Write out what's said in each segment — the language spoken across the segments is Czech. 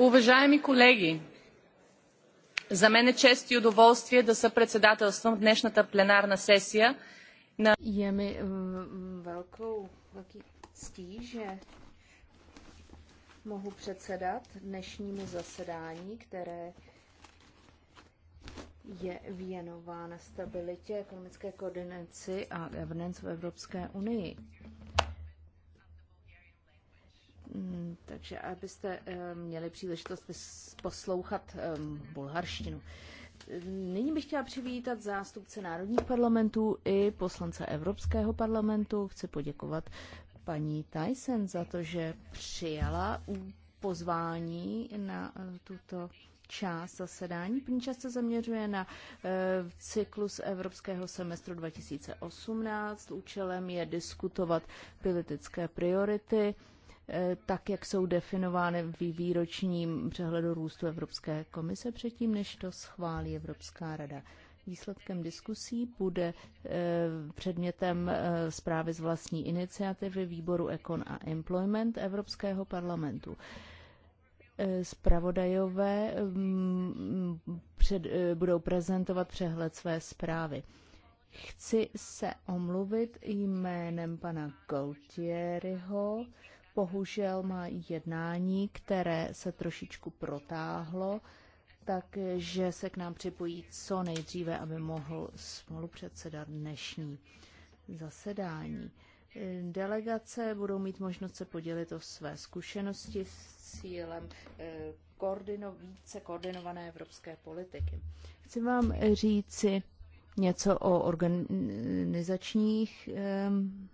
Уважаеми колеги, за мен е чест и удоволствие да съпредседателствам днешната пленарна сесия на... Je mi velkou, velký ctí, že mohu předsedat dnešnímu zasedání, které je věnována stabilitě, ekonomické koordinaci a governance v Evropské unii. Mm, takže abyste eh, měli příležitost poslouchat eh, bulharštinu. Nyní bych chtěla přivítat zástupce národních parlamentů i poslance Evropského parlamentu. Chci poděkovat paní Tyson za to, že přijala pozvání na eh, tuto část zasedání. První část se zaměřuje na e, cyklus evropského semestru 2018. Účelem je diskutovat politické priority tak, jak jsou definovány v výročním přehledu růstu Evropské komise předtím, než to schválí Evropská rada. Výsledkem diskusí bude eh, předmětem eh, zprávy z vlastní iniciativy výboru Econ a Employment Evropského parlamentu Spravodajové eh, mm, před, budou prezentovat přehled své zprávy. Chci se omluvit jménem pana Gautieriho, bohužel má jednání, které se trošičku protáhlo, takže se k nám připojí co nejdříve, aby mohl smolu předsedat dnešní zasedání. Delegace budou mít možnost se podělit o své zkušenosti s cílem eh, koordino, více koordinované evropské politiky. Chci vám říci něco o organizačních ehm,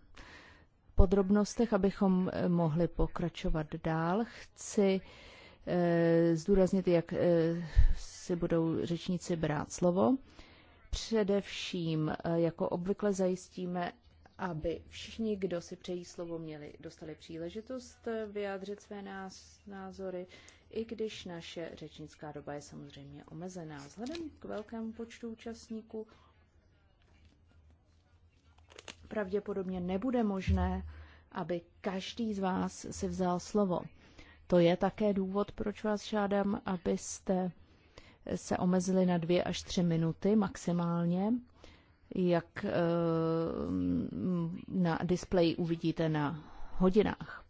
podrobnostech, abychom eh, mohli pokračovat dál. Chci eh, zdůraznit, jak eh, si budou řečníci brát slovo. Především, jako obvykle, zajistíme, aby všichni, kdo si přejí slovo, měli, dostali příležitost vyjádřit své nás, názory, i když naše řečnická doba je samozřejmě omezená. Vzhledem k velkému počtu účastníků pravděpodobně nebude možné, aby každý z vás si vzal slovo. To je také důvod, proč vás žádám, abyste se omezili na dvě až tři minuty maximálně. Jak eh, na displeji uvidíte na hodinách.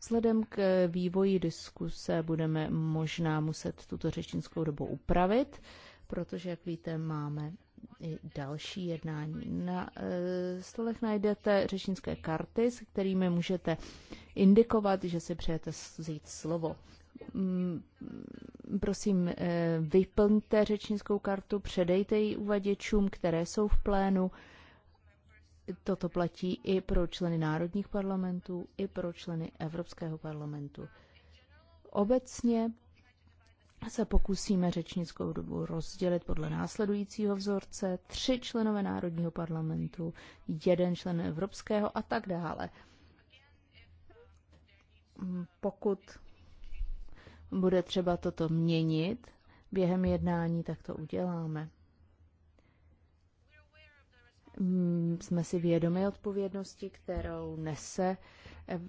Vzhledem k vývoji diskuse budeme možná muset tuto řečnickou dobu upravit, protože, jak víte, máme i další jednání. Na e, stolech najdete řečnické karty, s kterými můžete indikovat, že si přejete vzít slovo. Mm, prosím, e, vyplňte řečnickou kartu, předejte ji uvaděčům, které jsou v plénu. Toto platí i pro členy národních parlamentů, i pro členy Evropského parlamentu. Obecně se pokusíme řečnickou dobu rozdělit podle následujícího vzorce tři členové Národního parlamentu, jeden člen Evropského a tak dále. Pokud bude třeba toto měnit během jednání, tak to uděláme. Mm, jsme si vědomi odpovědnosti, kterou nese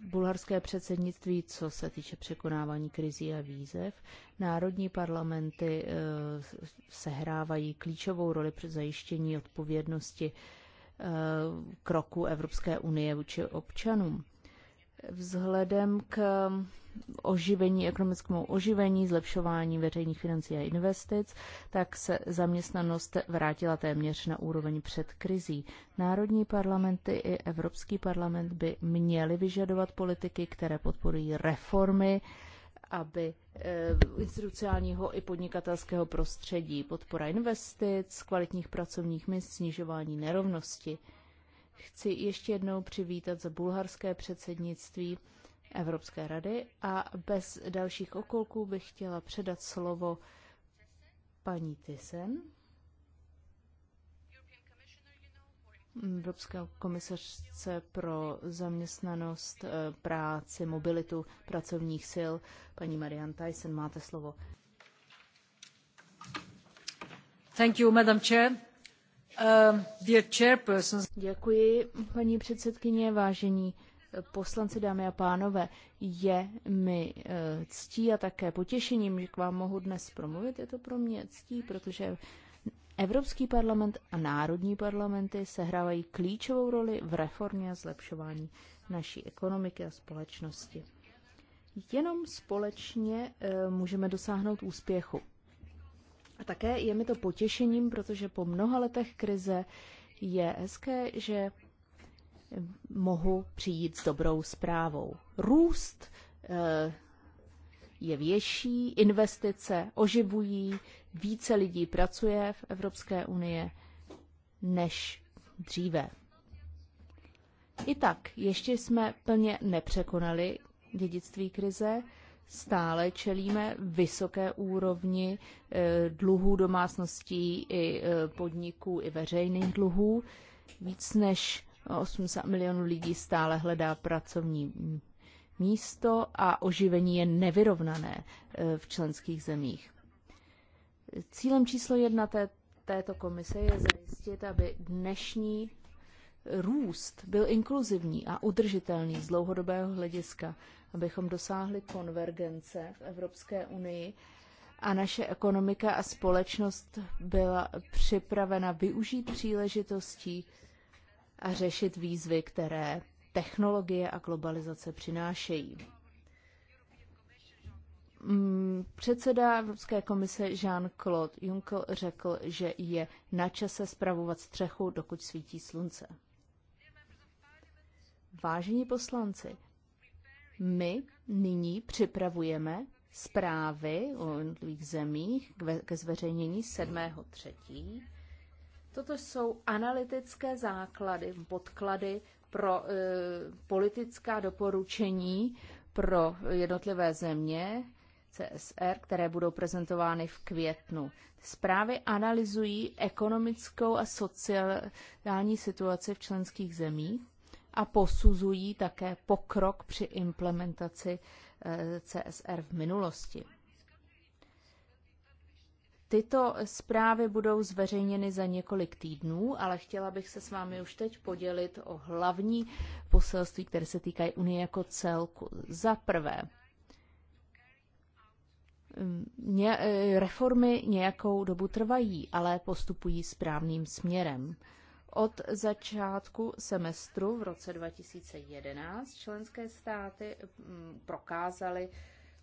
bulharské předsednictví, co se týče překonávání krizí a výzev. Národní parlamenty eh, sehrávají klíčovou roli při zajištění odpovědnosti eh, kroku Evropské unie vůči občanům vzhledem k oživení, ekonomickému oživení, zlepšování veřejných financí a investic, tak se zaměstnanost vrátila téměř na úroveň před krizí. Národní parlamenty i Evropský parlament by měly vyžadovat politiky, které podporují reformy, aby eh, institucionálního i podnikatelského prostředí, podpora investic, kvalitních pracovních míst, snižování nerovnosti chci ještě jednou přivítat za bulharské předsednictví Evropské rady a bez dalších okolků bych chtěla předat slovo paní Tysen, Evropské komisařce pro zaměstnanost, eh, práci, mobilitu pracovních sil. Paní Marian Tyson, máte slovo. Thank you, Madam Chair. Um, Děkuji, paní předsedkyně, vážení eh, poslanci, dámy a pánové. Je mi eh, ctí a také potěšením, že k vám mohu dnes promluvit. Je to pro mě ctí, protože Evropský parlament a národní parlamenty sehrávají klíčovou roli v reformě a zlepšování naší ekonomiky a společnosti. Jenom společně eh, můžeme dosáhnout úspěchu. A také je mi to potěšením, protože po mnoha letech krize je hezké, že mohu přijít s dobrou zprávou. Růst eh, je větší, investice oživují, více lidí pracuje v Evropské unii než dříve. I tak, ještě jsme plně nepřekonali dědictví krize, stále čelíme vysoké úrovni eh, dluhů domácností i eh, podniků i veřejných dluhů. Víc než 80 milionů lidí stále hledá pracovní místo a oživení je nevyrovnané eh, v členských zemích. Cílem číslo jedna té, této komise je zajistit, aby dnešní růst byl inkluzivní a udržitelný z dlouhodobého hlediska, abychom dosáhli konvergence v Evropské unii a naše ekonomika a společnost byla připravena využít příležitostí a řešit výzvy, které technologie a globalizace přinášejí. Mm, předseda Evropské komise Jean-Claude Juncker řekl, že je na čase spravovat střechu, dokud svítí slunce. Vážení poslanci, my nyní připravujeme zprávy o jednotlivých zemích ke zveřejnění 7.3. Toto jsou analytické základy, podklady pro e, politická doporučení pro jednotlivé země CSR, které budou prezentovány v květnu. Zprávy analyzují ekonomickou a sociální situaci v členských zemích a posuzují také pokrok při implementaci eh, CSR v minulosti. Tyto zprávy budou zveřejněny za několik týdnů, ale chtěla bych se s vámi už teď podělit o hlavní poselství, které se týkají Unie jako celku. Za prvé, eh, reformy nějakou dobu trvají, ale postupují správným směrem. Od začátku semestru v roce 2011 členské státy mm, prokázaly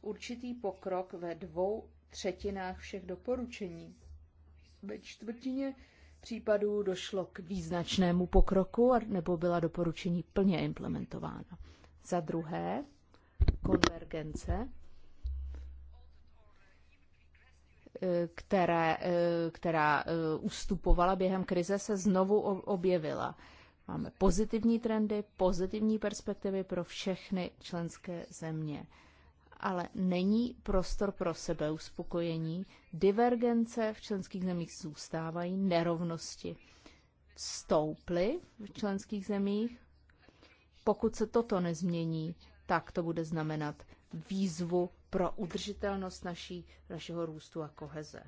určitý pokrok ve dvou třetinách všech doporučení. Ve čtvrtině případů došlo k význačnému pokroku nebo byla doporučení plně implementována. Za druhé, konvergence které, eh, která eh, ustupovala během krize, se znovu objevila. Máme pozitivní trendy, pozitivní perspektivy pro všechny členské země. Ale není prostor pro uspokojení. Divergence v členských zemích zůstávají, nerovnosti stouply v členských zemích. Pokud se toto nezmění, tak to bude znamenat výzvu pro udržitelnost naší, našeho růstu a koheze.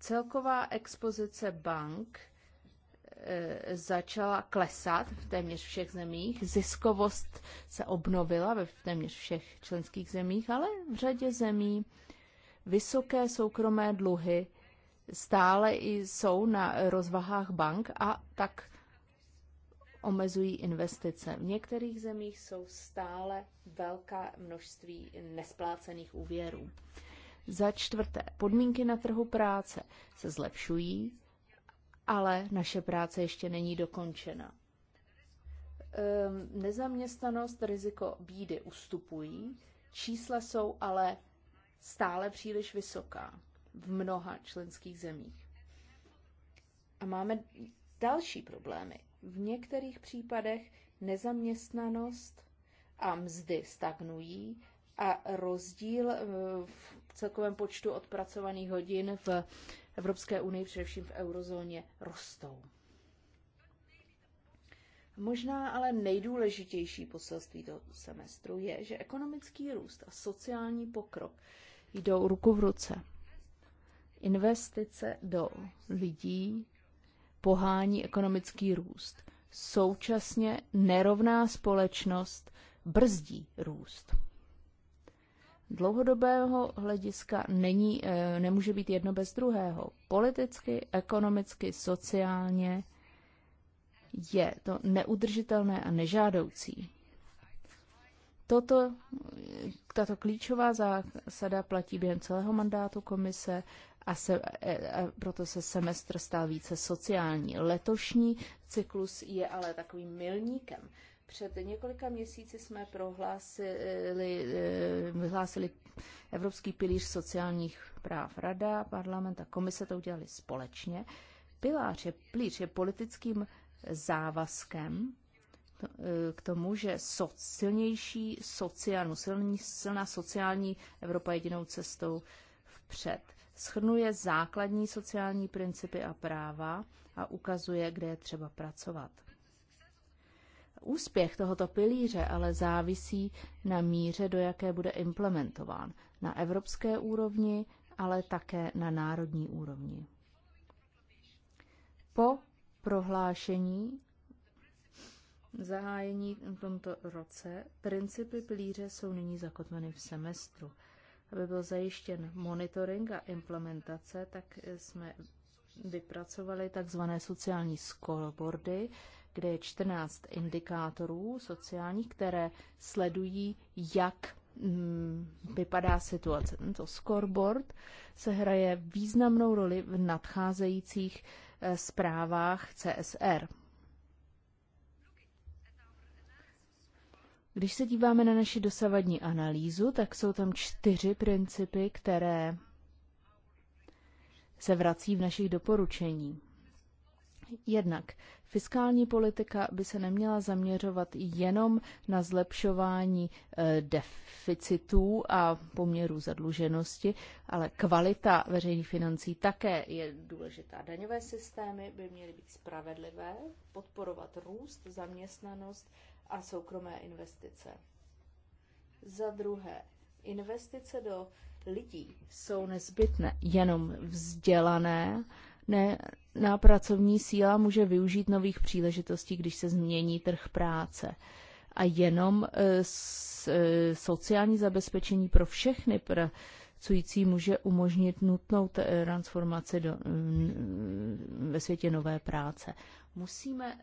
Celková expozice bank e, začala klesat v téměř všech zemích. Ziskovost se obnovila ve téměř všech členských zemích, ale v řadě zemí vysoké soukromé dluhy stále i jsou na rozvahách bank a tak omezují investice. V některých zemích jsou stále velká množství nesplácených úvěrů. Za čtvrté, podmínky na trhu práce se zlepšují, ale naše práce ještě není dokončena. Ehm, nezaměstnanost, riziko bídy ustupují, čísla jsou ale stále příliš vysoká v mnoha členských zemích. A máme další problémy. V některých případech nezaměstnanost a mzdy stagnují a rozdíl eh, v celkovém počtu odpracovaných hodin v Evropské unii, především v eurozóně, rostou. Možná ale nejdůležitější poselství do semestru je, že ekonomický růst a sociální pokrok jdou ruku v ruce. Investice do lidí pohání ekonomický růst. Současně nerovná společnost brzdí růst. Dlouhodobého hlediska není, eh, nemůže být jedno bez druhého. Politicky, ekonomicky, sociálně je to neudržitelné a nežádoucí. Toto, eh, tato klíčová zásada platí během celého mandátu komise a, se, e, a proto se semestr stal více sociální. Letošní cyklus je ale takovým milníkem. Před několika měsíci jsme prohlásili, e, vyhlásili Evropský pilíř sociálních práv. Rada, parlament a komise to udělali společně. Pilář je, pilíř je politickým závazkem e, k tomu, že so, silnější sociální, silný, silná sociální Evropa jedinou cestou vpřed schrnuje základní sociální principy a práva a ukazuje, kde je třeba pracovat. Úspěch tohoto pilíře ale závisí na míře, do jaké bude implementován na evropské úrovni, ale také na národní úrovni. Po prohlášení zahájení v tomto roce principy pilíře jsou nyní zakotveny v semestru aby byl zajištěn monitoring a implementace, tak jsme vypracovali takzvané sociální scoreboardy, kde je 14 indikátorů sociálních, které sledují, jak mm, vypadá situace. Tento scoreboard se hraje významnou roli v nadcházejících eh, zprávách CSR. Když se díváme na naši dosavadní analýzu, tak jsou tam čtyři principy, které se vrací v našich doporučení. Jednak fiskální politika by se neměla zaměřovat jenom na zlepšování eh, deficitů a poměrů zadluženosti, ale kvalita veřejných financí také je důležitá. Daňové systémy by měly být spravedlivé, podporovat růst, zaměstnanost a soukromé investice. Za druhé, investice do lidí jsou nezbytné, jenom vzdělané, ne, na pracovní síla může využít nových příležitostí, když se změní trh práce. A jenom e, s, e, sociální zabezpečení pro všechny pracující může umožnit nutnou e, transformaci do, ve světě nové práce. Musíme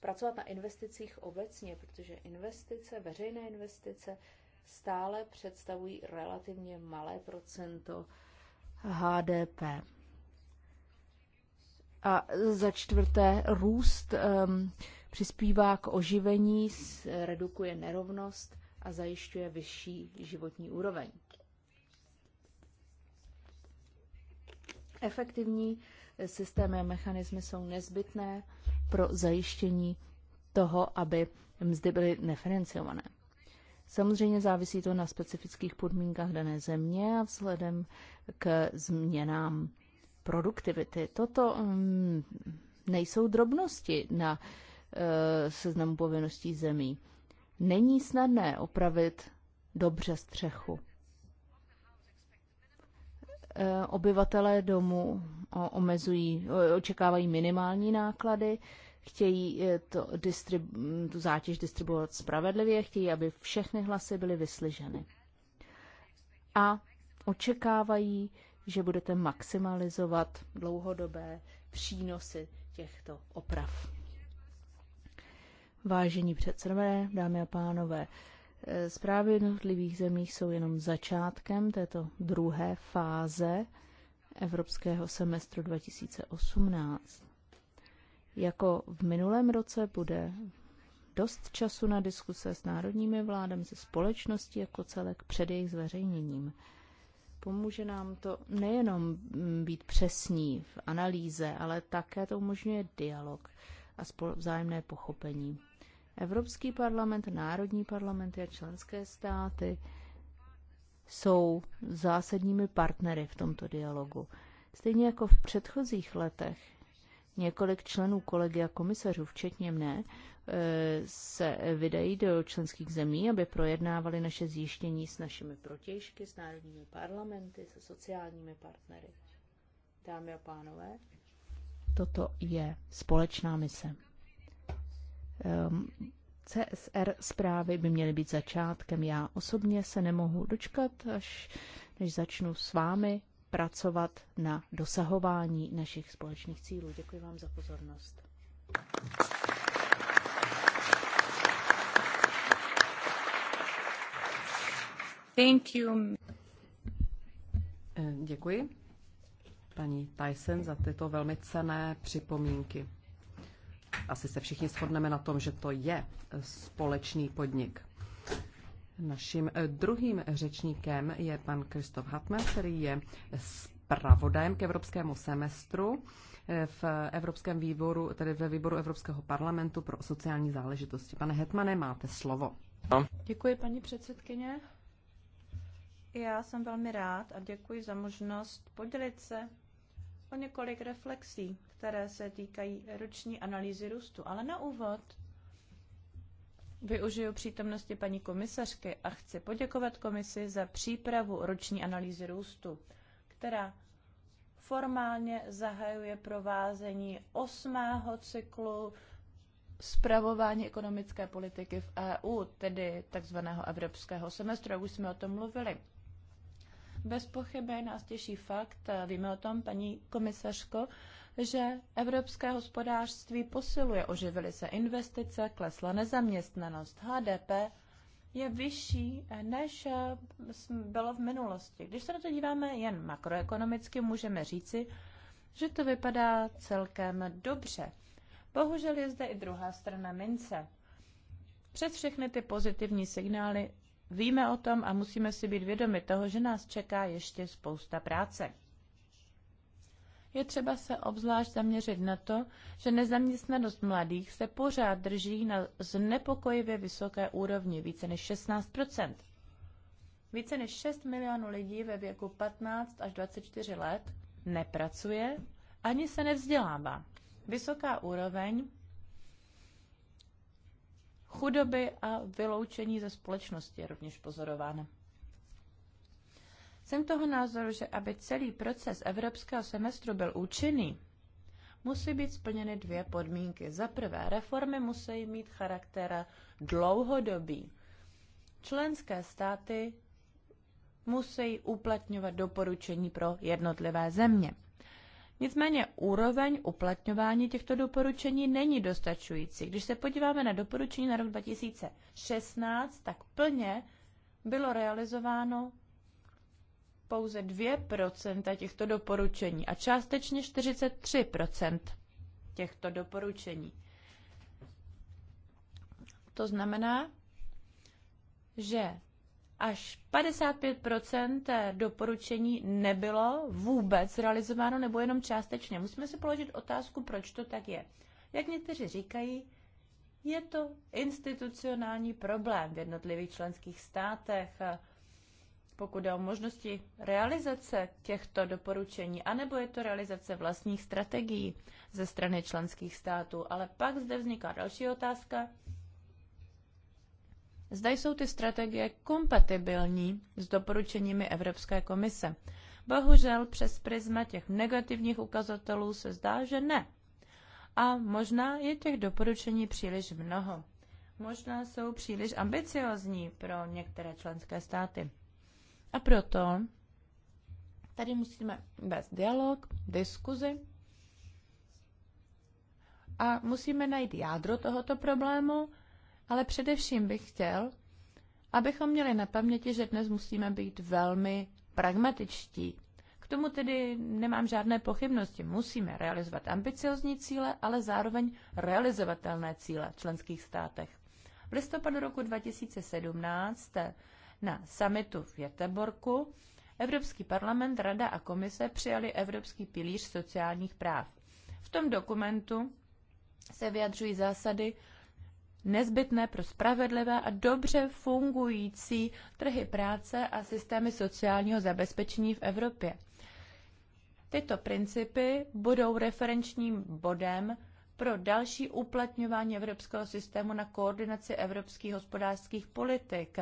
pracovat na investicích obecně, protože investice, veřejné investice stále představují relativně malé procento HDP a za čtvrté, růst um, přispívá k oživení, redukuje nerovnost a zajišťuje vyšší životní úroveň. Efektivní eh, systémy a mechanismy jsou nezbytné pro zajištění toho, aby mzdy byly neferenciované. Samozřejmě závisí to na specifických podmínkách dané země a vzhledem k změnám produktivity. Toto um, nejsou drobnosti na uh, seznamu povinností zemí. Není snadné opravit dobře střechu. Eh, obyvatelé domu omezují, očekávají minimální náklady, chtějí eh, to distrib- tu zátěž distribuovat spravedlivě, chtějí, aby všechny hlasy byly vyslyšeny. A očekávají, že budete maximalizovat dlouhodobé přínosy těchto oprav. Vážení předsedové, dámy a pánové, zprávy jednotlivých zemích jsou jenom začátkem této druhé fáze evropského semestru 2018. Jako v minulém roce bude dost času na diskuse s národními vládami, se společností jako celek před jejich zveřejněním. Pomůže nám to nejenom mm, být přesní v analýze, ale také to umožňuje dialog a vzájemné pochopení. Evropský parlament, národní parlamenty a členské státy jsou zásadními partnery v tomto dialogu. Stejně jako v předchozích letech, několik členů kolegy a komisařů, včetně mne, Eh, se vydají do členských zemí, aby projednávali naše zjištění s našimi protěžky, s národními parlamenty, se sociálními partnery. Dámy a pánové, toto je společná mise. CSR zprávy by měly být začátkem. Já osobně se nemohu dočkat, až než začnu s vámi pracovat na dosahování našich společných cílů. Děkuji vám za pozornost. Eh, děkuji paní Tyson za tyto velmi cené připomínky. Asi se všichni shodneme na tom, že to je společný podnik. Naším eh, druhým řečníkem je pan Kristof Hatmer, který je zpravodajem k evropskému semestru eh, v Evropském výboru, tedy ve výboru Evropského parlamentu pro sociální záležitosti. Pane Hetmane, máte slovo. Děkuji, paní předsedkyně. Já jsem velmi rád a děkuji za možnost podělit se o několik reflexí, které se týkají roční analýzy růstu. Ale na úvod využiju přítomnosti paní komisařky a chci poděkovat komisi za přípravu roční analýzy růstu, která formálně zahajuje provázení osmého cyklu zpravování ekonomické politiky v EU, tedy takzvaného evropského semestru, jak už jsme o tom mluvili. Bez pochyby nás těší fakt, víme o tom, paní komisařko, že evropské hospodářství posiluje, oživily se investice, klesla nezaměstnanost, HDP je vyšší, eh, než eh, bylo v minulosti. Když se na to díváme jen makroekonomicky, můžeme říci, že to vypadá celkem dobře. Bohužel je zde i druhá strana mince. Přes všechny ty pozitivní signály Víme o tom a musíme si být vědomi toho, že nás čeká ještě spousta práce. Je třeba se obzvlášť zaměřit na to, že nezaměstnanost mladých se pořád drží na znepokojivě vysoké úrovni, více než 16 Více než 6 milionů lidí ve věku 15 až 24 let nepracuje ani se nevzdělává. Vysoká úroveň chudoby a vyloučení ze společnosti je rovněž pozorována. Jsem toho názoru, že aby celý proces evropského semestru byl účinný, musí být splněny dvě podmínky. Za prvé, reformy musí mít charakter dlouhodobý. Členské státy musí uplatňovat doporučení pro jednotlivé země. Nicméně úroveň uplatňování těchto doporučení není dostačující. Když se podíváme na doporučení na rok 2016, tak plně bylo realizováno pouze 2% těchto doporučení a částečně 43% těchto doporučení. To znamená, že až 55 doporučení nebylo vůbec realizováno nebo jenom částečně. Musíme si položit otázku, proč to tak je. Jak někteří říkají, je to institucionální problém v jednotlivých členských státech, pokud jde o možnosti realizace těchto doporučení, anebo je to realizace vlastních strategií ze strany členských států. Ale pak zde vzniká další otázka, Zda jsou ty strategie kompatibilní s doporučeními Evropské komise. Bohužel přes prisma těch negativních ukazatelů se zdá, že ne. A možná je těch doporučení příliš mnoho. Možná jsou příliš ambiciozní pro některé členské státy. A proto tady musíme vést dialog, diskuzi a musíme najít jádro tohoto problému ale především bych chtěl, abychom měli na paměti, že dnes musíme být velmi pragmatičtí. K tomu tedy nemám žádné pochybnosti. Musíme realizovat ambiciozní cíle, ale zároveň realizovatelné cíle v členských státech. V listopadu roku 2017 na summitu v Jeteborku Evropský parlament, Rada a Komise přijali Evropský pilíř sociálních práv. V tom dokumentu se vyjadřují zásady nezbytné pro spravedlivé a dobře fungující trhy práce a systémy sociálního zabezpečení v Evropě. Tyto principy budou referenčním bodem pro další uplatňování evropského systému na koordinaci evropských hospodářských politik.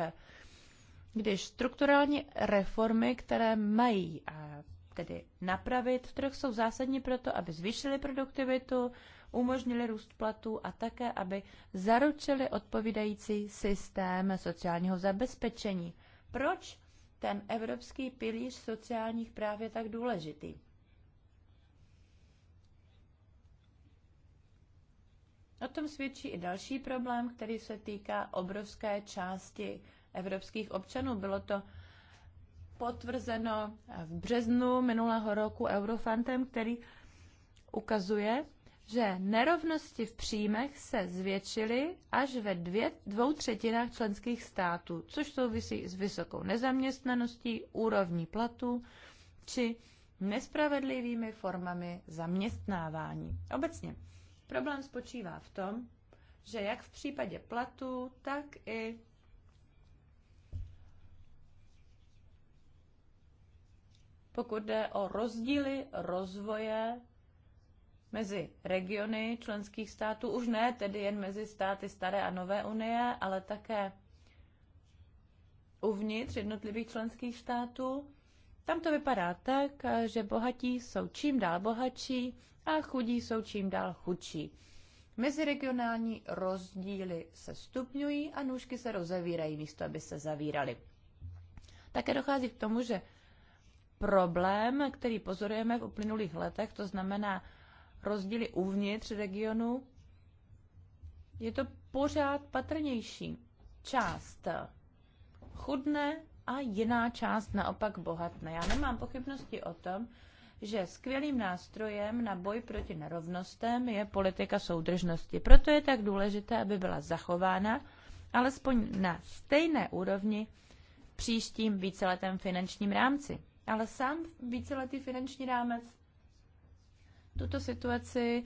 Když strukturální reformy, které mají eh, tedy napravit trh, jsou zásadní proto, aby zvýšily produktivitu, umožnili růst platů a také, aby zaručili odpovídající systém sociálního zabezpečení. Proč ten evropský pilíř sociálních práv je tak důležitý? O tom svědčí i další problém, který se týká obrovské části evropských občanů. Bylo to potvrzeno v březnu minulého roku Eurofantem, který ukazuje, že nerovnosti v příjmech se zvětšily až ve dvě, dvou třetinách členských států, což souvisí s vysokou nezaměstnaností, úrovní platů či nespravedlivými formami zaměstnávání. Obecně problém spočívá v tom, že jak v případě platů, tak i pokud jde o rozdíly rozvoje mezi regiony členských států, už ne tedy jen mezi státy staré a nové unie, ale také uvnitř jednotlivých členských států. Tam to vypadá tak, že bohatí jsou čím dál bohatší a chudí jsou čím dál chudší. Meziregionální rozdíly se stupňují a nůžky se rozevírají, místo aby se zavíraly. Také dochází k tomu, že problém, který pozorujeme v uplynulých letech, to znamená rozdíly uvnitř regionu, je to pořád patrnější. Část chudne a jiná část naopak bohatne. Já nemám pochybnosti o tom, že skvělým nástrojem na boj proti nerovnostem je politika soudržnosti. Proto je tak důležité, aby byla zachována alespoň na stejné úrovni příštím víceletém finančním rámci. Ale sám víceletý finanční rámec tuto situaci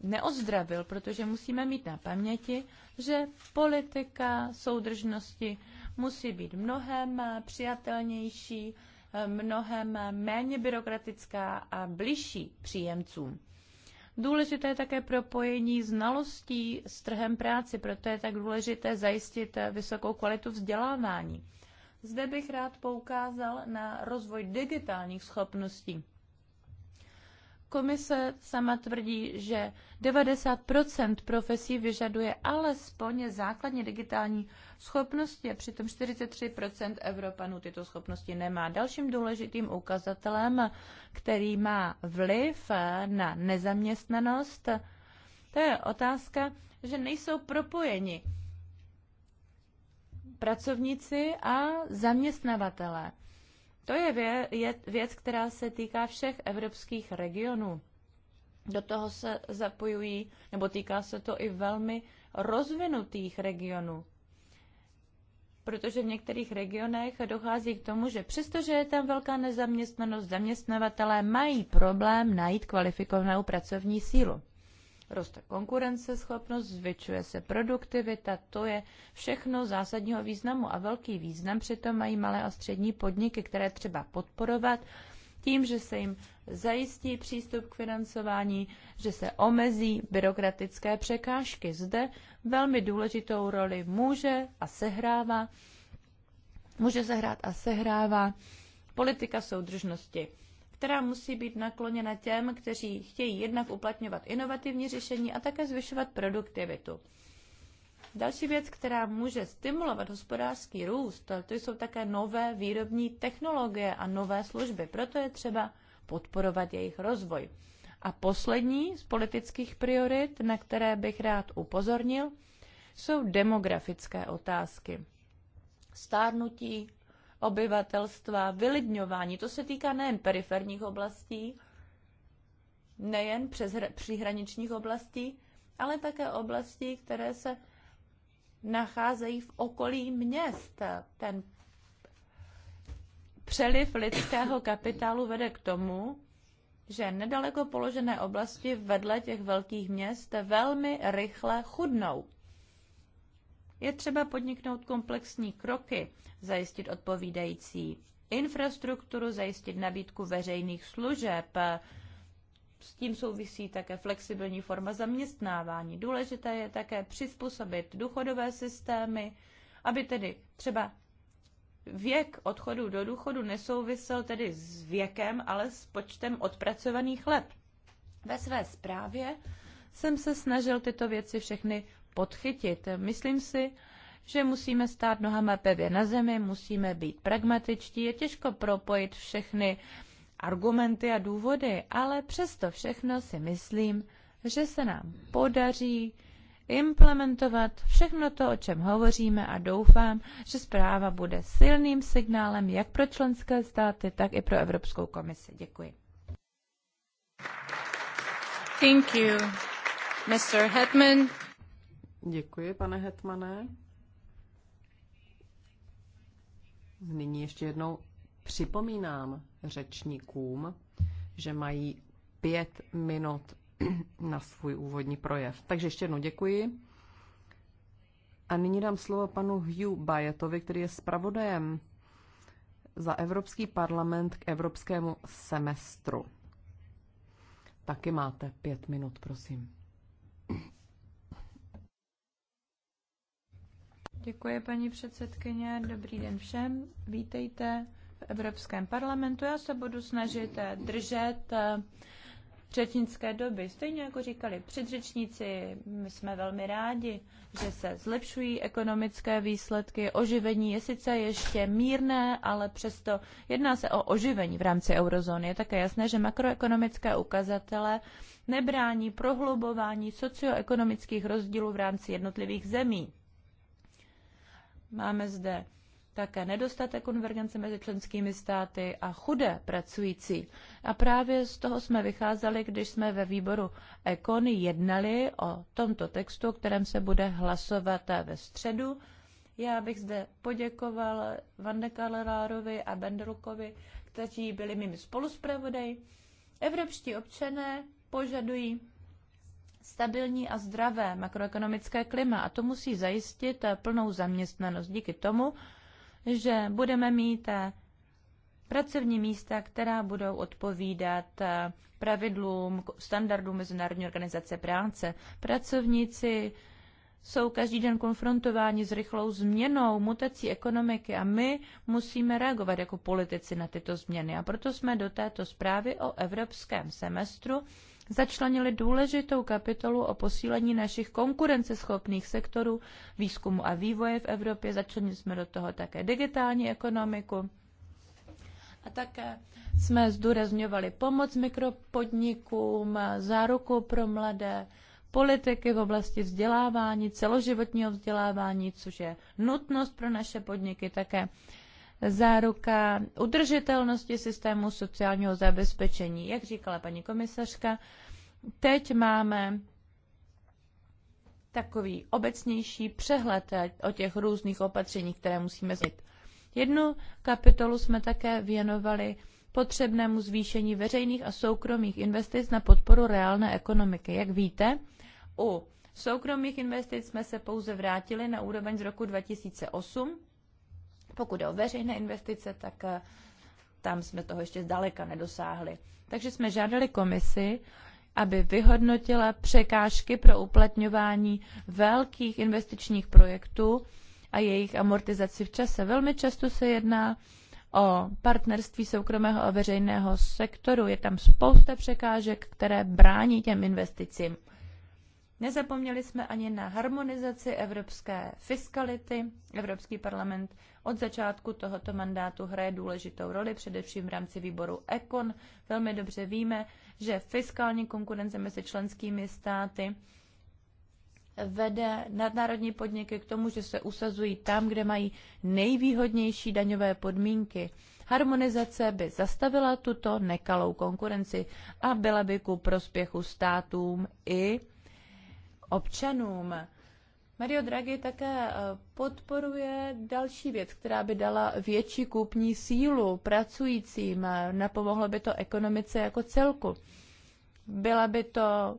neozdravil, protože musíme mít na paměti, že politika soudržnosti musí být mnohem přijatelnější, mnohem méně byrokratická a blížší příjemcům. Důležité je také propojení znalostí s trhem práce, proto je tak důležité zajistit vysokou kvalitu vzdělávání. Zde bych rád poukázal na rozvoj digitálních schopností. Komise sama tvrdí, že 90 profesí vyžaduje alespoň základní digitální schopnosti a přitom 43 Evropanů tyto schopnosti nemá. Dalším důležitým ukazatelem, který má vliv na nezaměstnanost, to je otázka, že nejsou propojeni pracovníci a zaměstnavatelé. To je věc, je věc, která se týká všech evropských regionů. Do toho se zapojují, nebo týká se to i velmi rozvinutých regionů. Protože v některých regionech dochází k tomu, že přestože je tam velká nezaměstnanost, zaměstnavatelé mají problém najít kvalifikovanou pracovní sílu roste konkurenceschopnost, zvětšuje se produktivita, to je všechno zásadního významu a velký význam přitom mají malé a střední podniky, které třeba podporovat tím, že se jim zajistí přístup k financování, že se omezí byrokratické překážky. Zde velmi důležitou roli může a sehrává, může sehrát a sehrává politika soudržnosti která musí být nakloněna těm, kteří chtějí jednak uplatňovat inovativní řešení a také zvyšovat produktivitu. Další věc, která může stimulovat hospodářský růst, to jsou také nové výrobní technologie a nové služby. Proto je třeba podporovat jejich rozvoj. A poslední z politických priorit, na které bych rád upozornil, jsou demografické otázky. Stárnutí obyvatelstva, vylidňování. To se týká nejen periferních oblastí, nejen přes příhraničních oblastí, ale také oblastí, které se nacházejí v okolí měst. Ten přeliv lidského kapitálu vede k tomu, že nedaleko položené oblasti vedle těch velkých měst velmi rychle chudnou. Je třeba podniknout komplexní kroky, zajistit odpovídající infrastrukturu, zajistit nabídku veřejných služeb. S tím souvisí také flexibilní forma zaměstnávání. Důležité je také přizpůsobit důchodové systémy, aby tedy třeba věk odchodu do důchodu nesouvisel tedy s věkem, ale s počtem odpracovaných let. Ve své zprávě jsem se snažil tyto věci všechny podchytit. Myslím si, že musíme stát nohama pevě na zemi, musíme být pragmatičtí, je těžko propojit všechny argumenty a důvody, ale přesto všechno si myslím, že se nám podaří implementovat všechno to, o čem hovoříme a doufám, že zpráva bude silným signálem jak pro členské státy, tak i pro Evropskou komisi. Děkuji. Thank you, Mr. Hetman. Děkuji, pane Hetmane. Nyní ještě jednou připomínám řečníkům, že mají pět minut na svůj úvodní projev. Takže ještě jednou děkuji. A nyní dám slovo panu Hugh Bajetovi, který je zpravodajem za Evropský parlament k evropskému semestru. Taky máte pět minut, prosím. Děkuji, paní předsedkyně. Dobrý den všem. Vítejte v Evropském parlamentu. Já se budu snažit eh, držet eh, řečnické doby. Stejně jako říkali předřečníci, my jsme velmi rádi, že se zlepšují ekonomické výsledky. Oživení je sice ještě mírné, ale přesto jedná se o oživení v rámci eurozóny. Je také jasné, že makroekonomické ukazatele nebrání prohlubování socioekonomických rozdílů v rámci jednotlivých zemí. Máme zde také nedostatek konvergence mezi členskými státy a chudé pracující. A právě z toho jsme vycházeli, když jsme ve výboru Econ jednali o tomto textu, o kterém se bude hlasovat ve středu. Já bych zde poděkoval Vande Kalerárovi a Bendelkovi, kteří byli mými spoluspravodaji. Evropští občané požadují stabilní a zdravé makroekonomické klima a to musí zajistit eh, plnou zaměstnanost díky tomu, že budeme mít eh, pracovní místa, která budou odpovídat eh, pravidlům, standardům Mezinárodní organizace práce. Pracovníci jsou každý den konfrontováni s rychlou změnou, mutací ekonomiky a my musíme reagovat jako politici na tyto změny. A proto jsme do této zprávy o evropském semestru začlenili důležitou kapitolu o posílení našich konkurenceschopných sektorů výzkumu a vývoje v Evropě. Začlenili jsme do toho také digitální ekonomiku. A také jsme zdůrazňovali pomoc mikropodnikům, záruku pro mladé, politiky v oblasti vzdělávání, celoživotního vzdělávání, což je nutnost pro naše podniky, také záruka udržitelnosti systému sociálního zabezpečení. Jak říkala paní komisařka, teď máme takový obecnější přehled o těch různých opatřeních, které musíme změnit. Jednu kapitolu jsme také věnovali potřebnému zvýšení veřejných a soukromých investic na podporu reálné ekonomiky. Jak víte, u soukromých investic jsme se pouze vrátili na úroveň z roku 2008, pokud jde o veřejné investice, tak eh, tam jsme toho ještě zdaleka nedosáhli. Takže jsme žádali komisi, aby vyhodnotila překážky pro uplatňování velkých investičních projektů a jejich amortizaci v čase. Velmi často se jedná o partnerství soukromého a veřejného sektoru. Je tam spousta překážek, které brání těm investicím. Nezapomněli jsme ani na harmonizaci evropské fiskality. Evropský parlament od začátku tohoto mandátu hraje důležitou roli, především v rámci výboru ECON. Velmi dobře víme, že fiskální konkurence mezi členskými státy vede nadnárodní podniky k tomu, že se usazují tam, kde mají nejvýhodnější daňové podmínky. Harmonizace by zastavila tuto nekalou konkurenci a byla by ku prospěchu státům i občanům. Mario Draghi také eh, podporuje další věc, která by dala větší kupní sílu pracujícím, eh, napomohlo by to ekonomice jako celku. Byla by to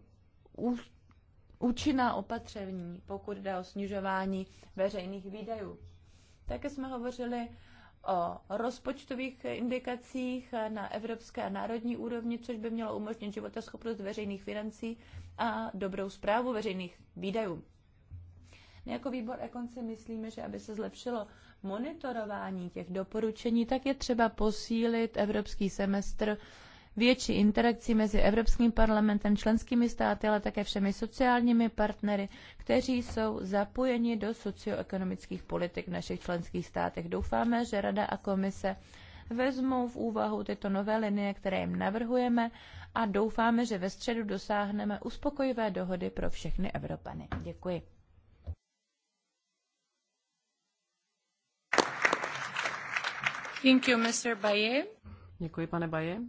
účinná opatření, pokud jde o snižování veřejných výdajů. Také jsme hovořili o rozpočtových indikacích eh, na evropské a národní úrovni, což by mělo umožnit životaschopnost veřejných financí a dobrou zprávu veřejných výdajů. My jako výbor Ekon myslíme, že aby se zlepšilo monitorování těch doporučení, tak je třeba posílit evropský semestr větší interakcí mezi Evropským parlamentem, členskými státy, ale také všemi sociálními partnery, kteří jsou zapojeni do socioekonomických politik v našich členských státech. Doufáme, že Rada a Komise vezmou v úvahu tyto nové linie, které jim navrhujeme a doufáme, že ve středu dosáhneme uspokojivé dohody pro všechny Evropany. Děkuji. Thank you, Mr. Baye. Děkuji, pane Baye.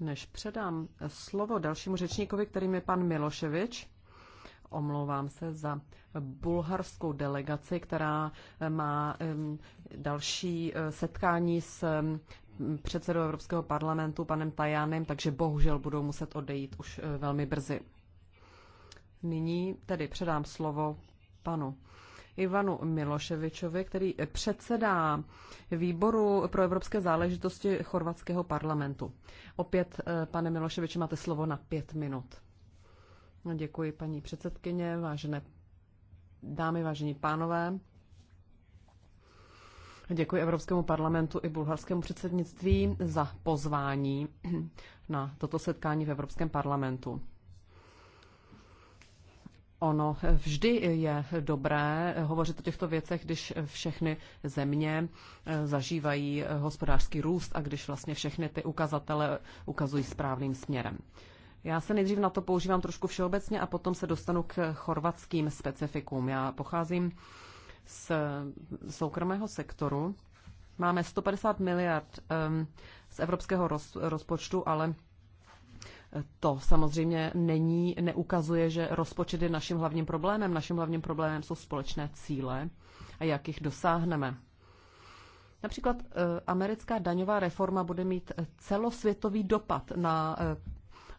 Než předám slovo dalšímu řečníkovi, kterým je pan Miloševič, omlouvám se za bulharskou delegaci, která eh, má další eh, setkání s předsedou Evropského parlamentu panem Tajánem, takže bohužel budou muset odejít už eh, velmi brzy. Nyní tedy předám slovo panu Ivanu Miloševičovi, který předsedá výboru pro evropské záležitosti chorvatského parlamentu. Opět, pane Miloševiči, máte slovo na pět minut. No, děkuji paní předsedkyně, vážené dámy, vážení pánové. Děkuji Evropskému parlamentu i bulharskému předsednictví za pozvání na toto setkání v Evropském parlamentu. Ono vždy je dobré hovořit o těchto věcech, když všechny země zažívají hospodářský růst a když vlastně všechny ty ukazatele ukazují správným směrem. Já se nejdřív na to používám trošku všeobecně a potom se dostanu k chorvatským specifikům. Já pocházím z soukromého sektoru. Máme 150 miliard ehm, z evropského rozpočtu, ale to samozřejmě není, neukazuje, že rozpočet je naším hlavním problémem. Naším hlavním problémem jsou společné cíle a jak jich dosáhneme. Například eh, americká daňová reforma bude mít celosvětový dopad na eh,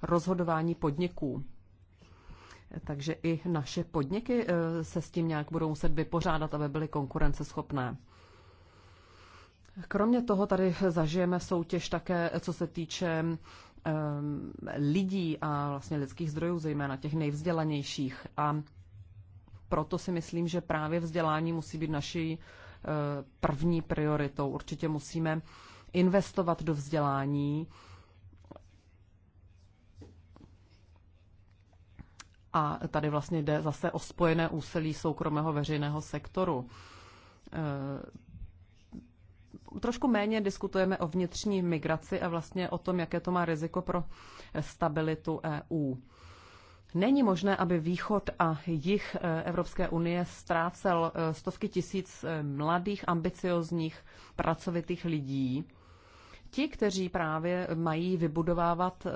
rozhodování podniků. Takže i naše podniky eh, se s tím nějak budou muset vypořádat, aby byly konkurenceschopné. Kromě toho tady zažijeme soutěž také, co se týče um, lidí a vlastně lidských zdrojů, zejména těch nejvzdělanějších. A proto si myslím, že právě vzdělání musí být naší eh, první prioritou. Určitě musíme investovat do vzdělání, A tady vlastně jde zase o spojené úsilí soukromého veřejného sektoru. E, trošku méně diskutujeme o vnitřní migraci a vlastně o tom, jaké to má riziko pro stabilitu EU. Není možné, aby východ a jich e, Evropské unie ztrácel e, stovky tisíc mladých, ambiciozních, pracovitých lidí. Ti, kteří právě mají vybudovávat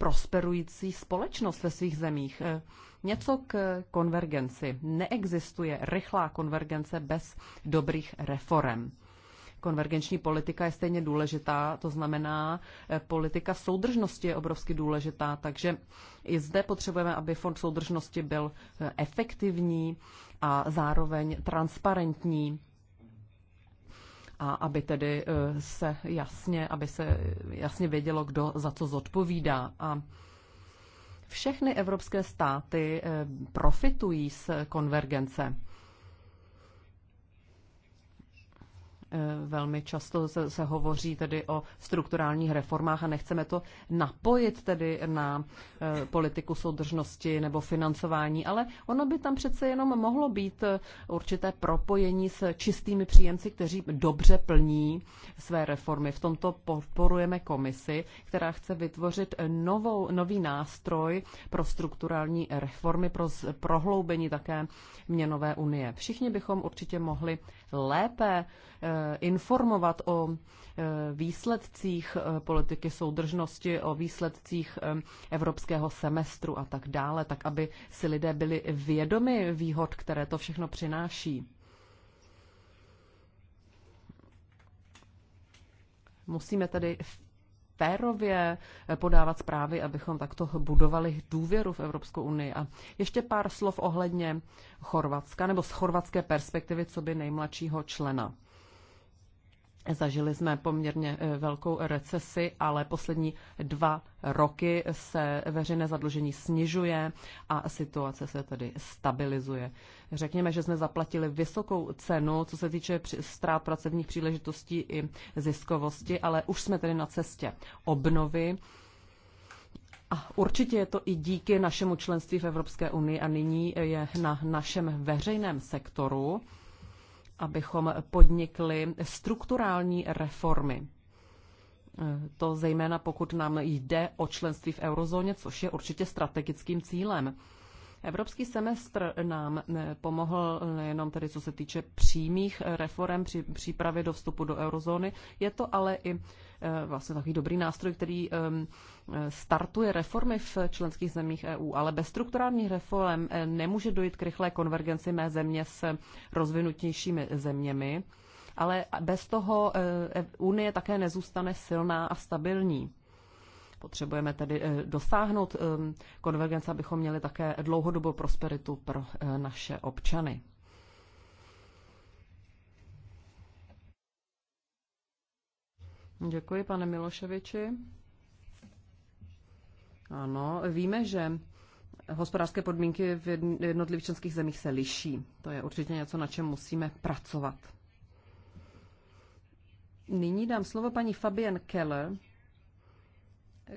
prosperující společnost ve svých zemích. E, něco k konvergenci. Neexistuje rychlá konvergence bez dobrých reform. Konvergenční politika je stejně důležitá, to znamená, e, politika soudržnosti je obrovsky důležitá, takže i zde potřebujeme, aby fond soudržnosti byl e, efektivní a zároveň transparentní a aby tedy eh, se jasně, aby se jasně vědělo, kdo za co zodpovídá. A všechny evropské státy eh, profitují z konvergence. Eh, velmi často se, se hovoří tedy o strukturálních reformách a nechceme to napojit tedy na eh, politiku soudržnosti nebo financování, ale ono by tam přece jenom mohlo být eh, určité propojení s čistými příjemci, kteří dobře plní své reformy. V tomto podporujeme komisi, která chce vytvořit novou, nový nástroj pro strukturální reformy, pro prohloubení také měnové unie. Všichni bychom určitě mohli lépe Eh, informovat o eh, výsledcích eh, politiky soudržnosti, o výsledcích evropského semestru a tak dále, tak aby si lidé byli vědomi výhod, které to všechno přináší. Musíme tedy férově podávat zprávy, abychom takto budovali důvěru v Evropskou unii. A ještě pár slov ohledně Chorvatska nebo z chorvatské perspektivy, co by nejmladšího člena. Zažili jsme poměrně e, velkou recesi, ale poslední dva roky se veřejné zadlužení snižuje a situace se tedy stabilizuje. Řekněme, že jsme zaplatili vysokou cenu, co se týče ztrát pracovních příležitostí i ziskovosti, ale už jsme tedy na cestě obnovy. A určitě je to i díky našemu členství v Evropské unii a nyní je na našem veřejném sektoru, abychom podnikli strukturální reformy. E, to zejména pokud nám jde o členství v eurozóně, což je určitě strategickým cílem. Evropský semestr nám eh, pomohl nejenom eh, tedy co se týče přímých eh, reform při přípravě do vstupu do eurozóny, je to ale i vlastně takový dobrý nástroj, který ehm, startuje reformy v členských zemích EU, ale bez strukturálních reform nemůže dojít k rychlé konvergenci mé země s rozvinutějšími zeměmi, ale bez toho Unie také nezůstane silná a stabilní. Potřebujeme tedy eh, dosáhnout ehm, konvergence, abychom měli také dlouhodobou prosperitu pro eh, naše občany. Děkuji, pane Miloševiči. Ano, víme, že hospodářské podmínky v jednotlivých členských zemích se liší. To je určitě něco, na čem musíme pracovat. Nyní dám slovo paní Fabian Keller,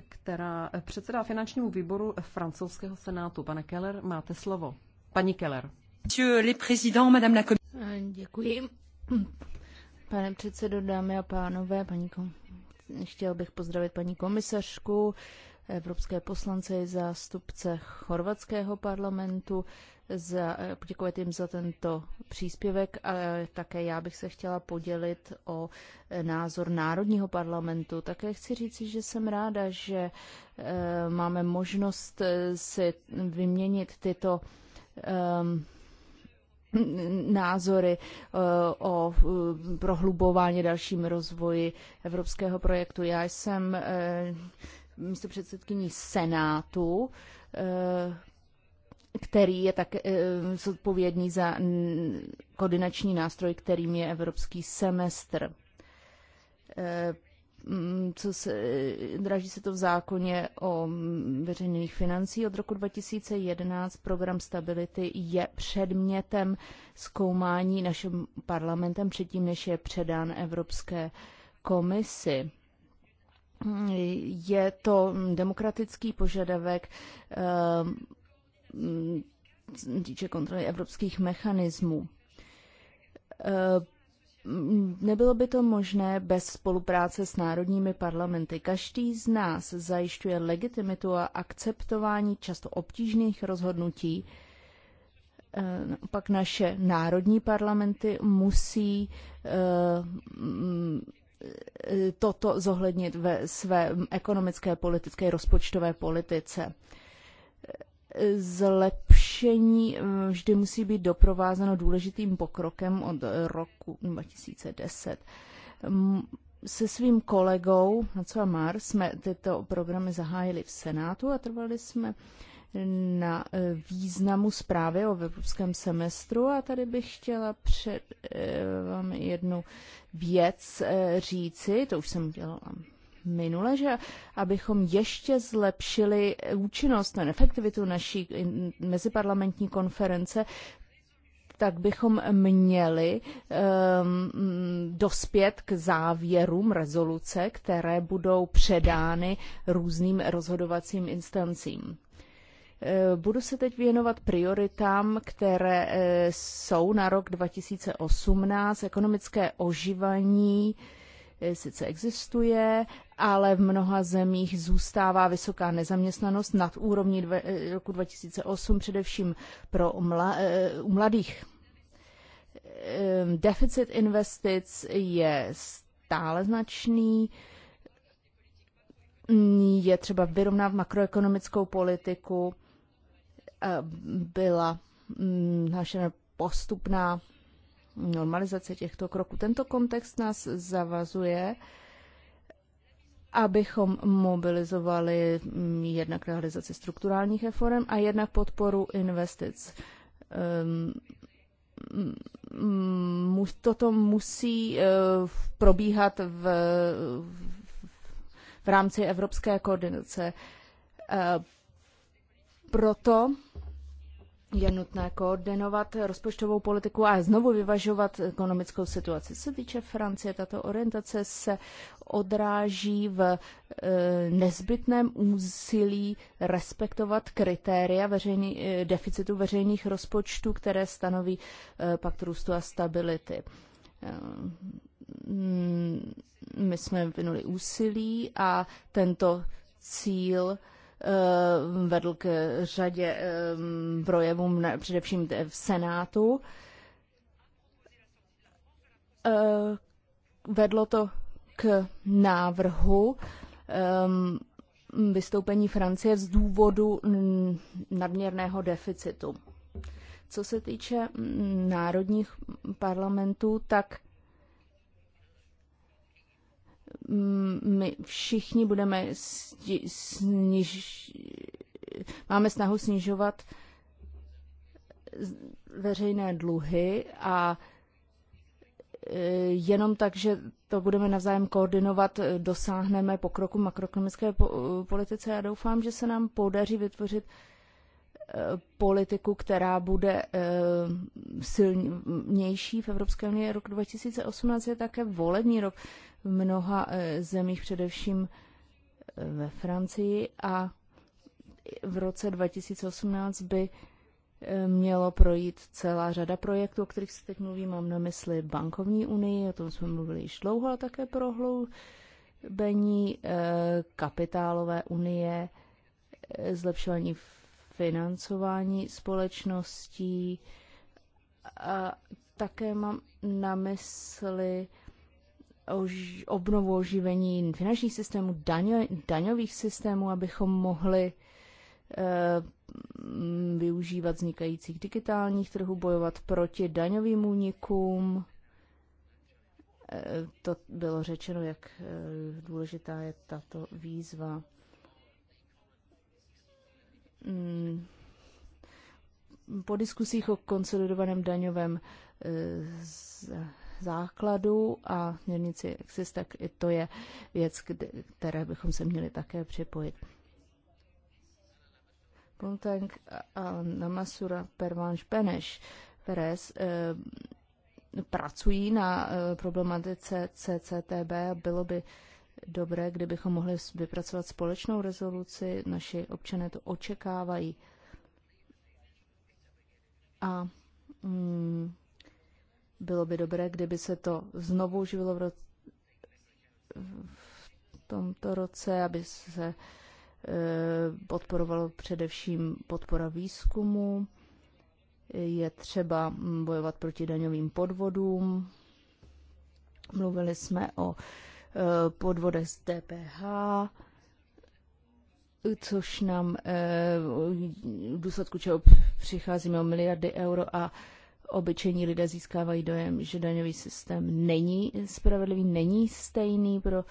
která předsedá finančnímu výboru francouzského senátu. Pane Keller, máte slovo. Paní Keller. Eh, děkuji. Pane předsedo, dámy a pánové, paní kom... chtěl bych pozdravit paní komisařku, evropské poslance i zástupce chorvatského parlamentu za, eh, poděkovat jim za tento příspěvek a také já bych se chtěla podělit o eh, názor Národního parlamentu. Také chci říct, že jsem ráda, že eh, máme možnost si vyměnit tyto um, názory o prohlubování dalším rozvoji evropského projektu. Já jsem místo předsedkyní Senátu který je tak eh, zodpovědný za koordinační nástroj, kterým je evropský semestr. Eh, co se, eh, draží se to v zákoně o veřejných financí od roku 2011. Program stability je předmětem zkoumání naším parlamentem předtím, než je předán Evropské komisi je to demokratický požadavek Mm, týče kontroly evropských mechanismů. Eh, nebylo by to možné bez spolupráce s národními parlamenty. Každý z nás zajišťuje legitimitu a akceptování často obtížných rozhodnutí. Eh, pak naše národní parlamenty musí eh, mm, toto zohlednit ve své ekonomické, politické, rozpočtové politice zlepšení eh, vždy musí být doprovázeno důležitým pokrokem od eh, roku 2010. Se svým kolegou Nacova Mar jsme tyto programy zahájili v Senátu a trvali jsme na eh, významu zprávy o evropském semestru a tady bych chtěla před vám jednu věc říci, to už jsem dělala minule, že abychom ještě zlepšili účinnost a efektivitu naší meziparlamentní konference, tak bychom měli um, dospět k závěrům rezoluce, které budou předány různým rozhodovacím instancím. E, budu se teď věnovat prioritám, které e, jsou na rok 2018, ekonomické oživení, E, sice existuje, ale v mnoha zemích zůstává vysoká nezaměstnanost nad úrovní dve, e, roku 2008, především pro mla, e, u mladých. Deficit investic je stále značný. Je třeba vyrovnat makroekonomickou politiku. Byla naše postupná normalizace těchto kroků. Tento kontext nás zavazuje, abychom mobilizovali mm, jednak realizaci strukturálních reform a jednak podporu investic. Ehm, mm, toto musí e, probíhat v, v rámci evropské koordinace. E, proto je nutné koordinovat rozpočtovou politiku a znovu vyvažovat ekonomickou situaci. Co se týče Francie, tato orientace se odráží v e, nezbytném úsilí respektovat kritéria veřejný, e, deficitu veřejných rozpočtů, které stanoví e, pakt růstu a stability. My jsme vynuli úsilí a tento cíl Eh, vedl k řadě eh, projevům, především v Senátu. Eh, vedlo to k návrhu vystoupení Francie z důvodu nadměrného deficitu. Co se týče národních parlamentů, tak Mm, my všichni budeme sniž... máme snahu snižovat veřejné dluhy a e, jenom tak, že to budeme navzájem koordinovat, e, dosáhneme pokroku makroekonomické e, politice. Já doufám, že se nám podaří vytvořit politiku, která bude silnější v Evropské unii. Rok 2018 je také volební rok v mnoha eh, zemích, především eh, ve Francii a v roce 2018 by eh, mělo projít celá řada projektů, o kterých se teď mluví. Mám na mysli bankovní unii, o tom jsme mluvili již dlouho, ale také prohloubení kapitálové unie, zlepšování financování společností. A také mám na mysli ož, obnovu oživení finančních systémů, daňo, daňových systémů, abychom mohli e, využívat vznikajících digitálních trhů, bojovat proti daňovým únikům. E, to bylo řečeno, jak e, důležitá je tato výzva. Mm po diskusích o konsolidovaném daňovém základů a směrnici Exis, tak i to je věc, které bychom se měli také připojit. Pontang a Namasura Pervanš Beneš Perez eh, pracují na eh, problematice CCTB a bylo by dobré, kdybychom mohli vypracovat společnou rezoluci. Naši občané to očekávají. A mm, bylo by dobré, kdyby se to znovu živilo v, ro- v tomto roce, aby se e, podporovalo především podpora výzkumu. Je třeba bojovat proti daňovým podvodům. Mluvili jsme o e, podvodech z DPH což nám eh, v důsledku čeho přicházíme o miliardy euro a obyčejní lidé získávají dojem, že daňový systém není spravedlivý, není stejný pro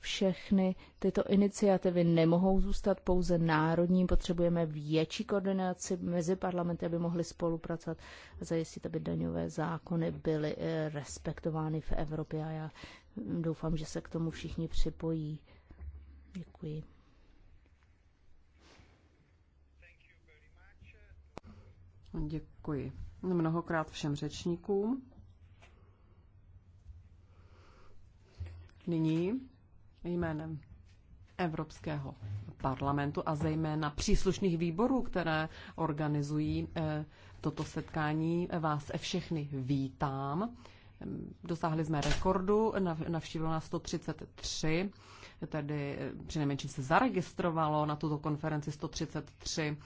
všechny. Tyto iniciativy nemohou zůstat pouze národní. potřebujeme větší koordinaci mezi parlamenty, aby mohly spolupracovat a zajistit, aby daňové zákony byly eh, respektovány v Evropě a já hm, doufám, že se k tomu všichni připojí. Děkuji. Děkuji mnohokrát všem řečníkům. Nyní jménem Evropského parlamentu a zejména příslušných výborů, které organizují eh, toto setkání, vás všechny vítám. Dosáhli jsme rekordu, navštívilo nás 133, tedy eh, přinejmenším se zaregistrovalo na tuto konferenci 133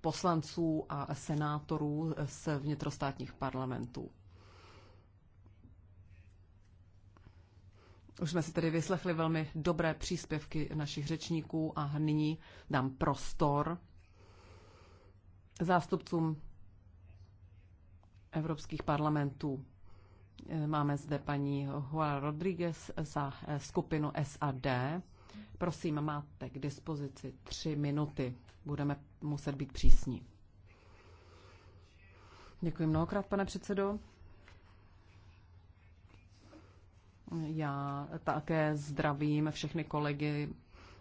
poslanců a senátorů z vnitrostátních parlamentů. Už jsme si tedy vyslechli velmi dobré příspěvky našich řečníků a nyní dám prostor zástupcům evropských parlamentů. Eh, máme zde paní Juana Rodriguez za eh, skupinu SAD. Prosím, máte k dispozici tři minuty budeme muset být přísní. Děkuji mnohokrát, pane předsedo. Já také zdravím všechny kolegy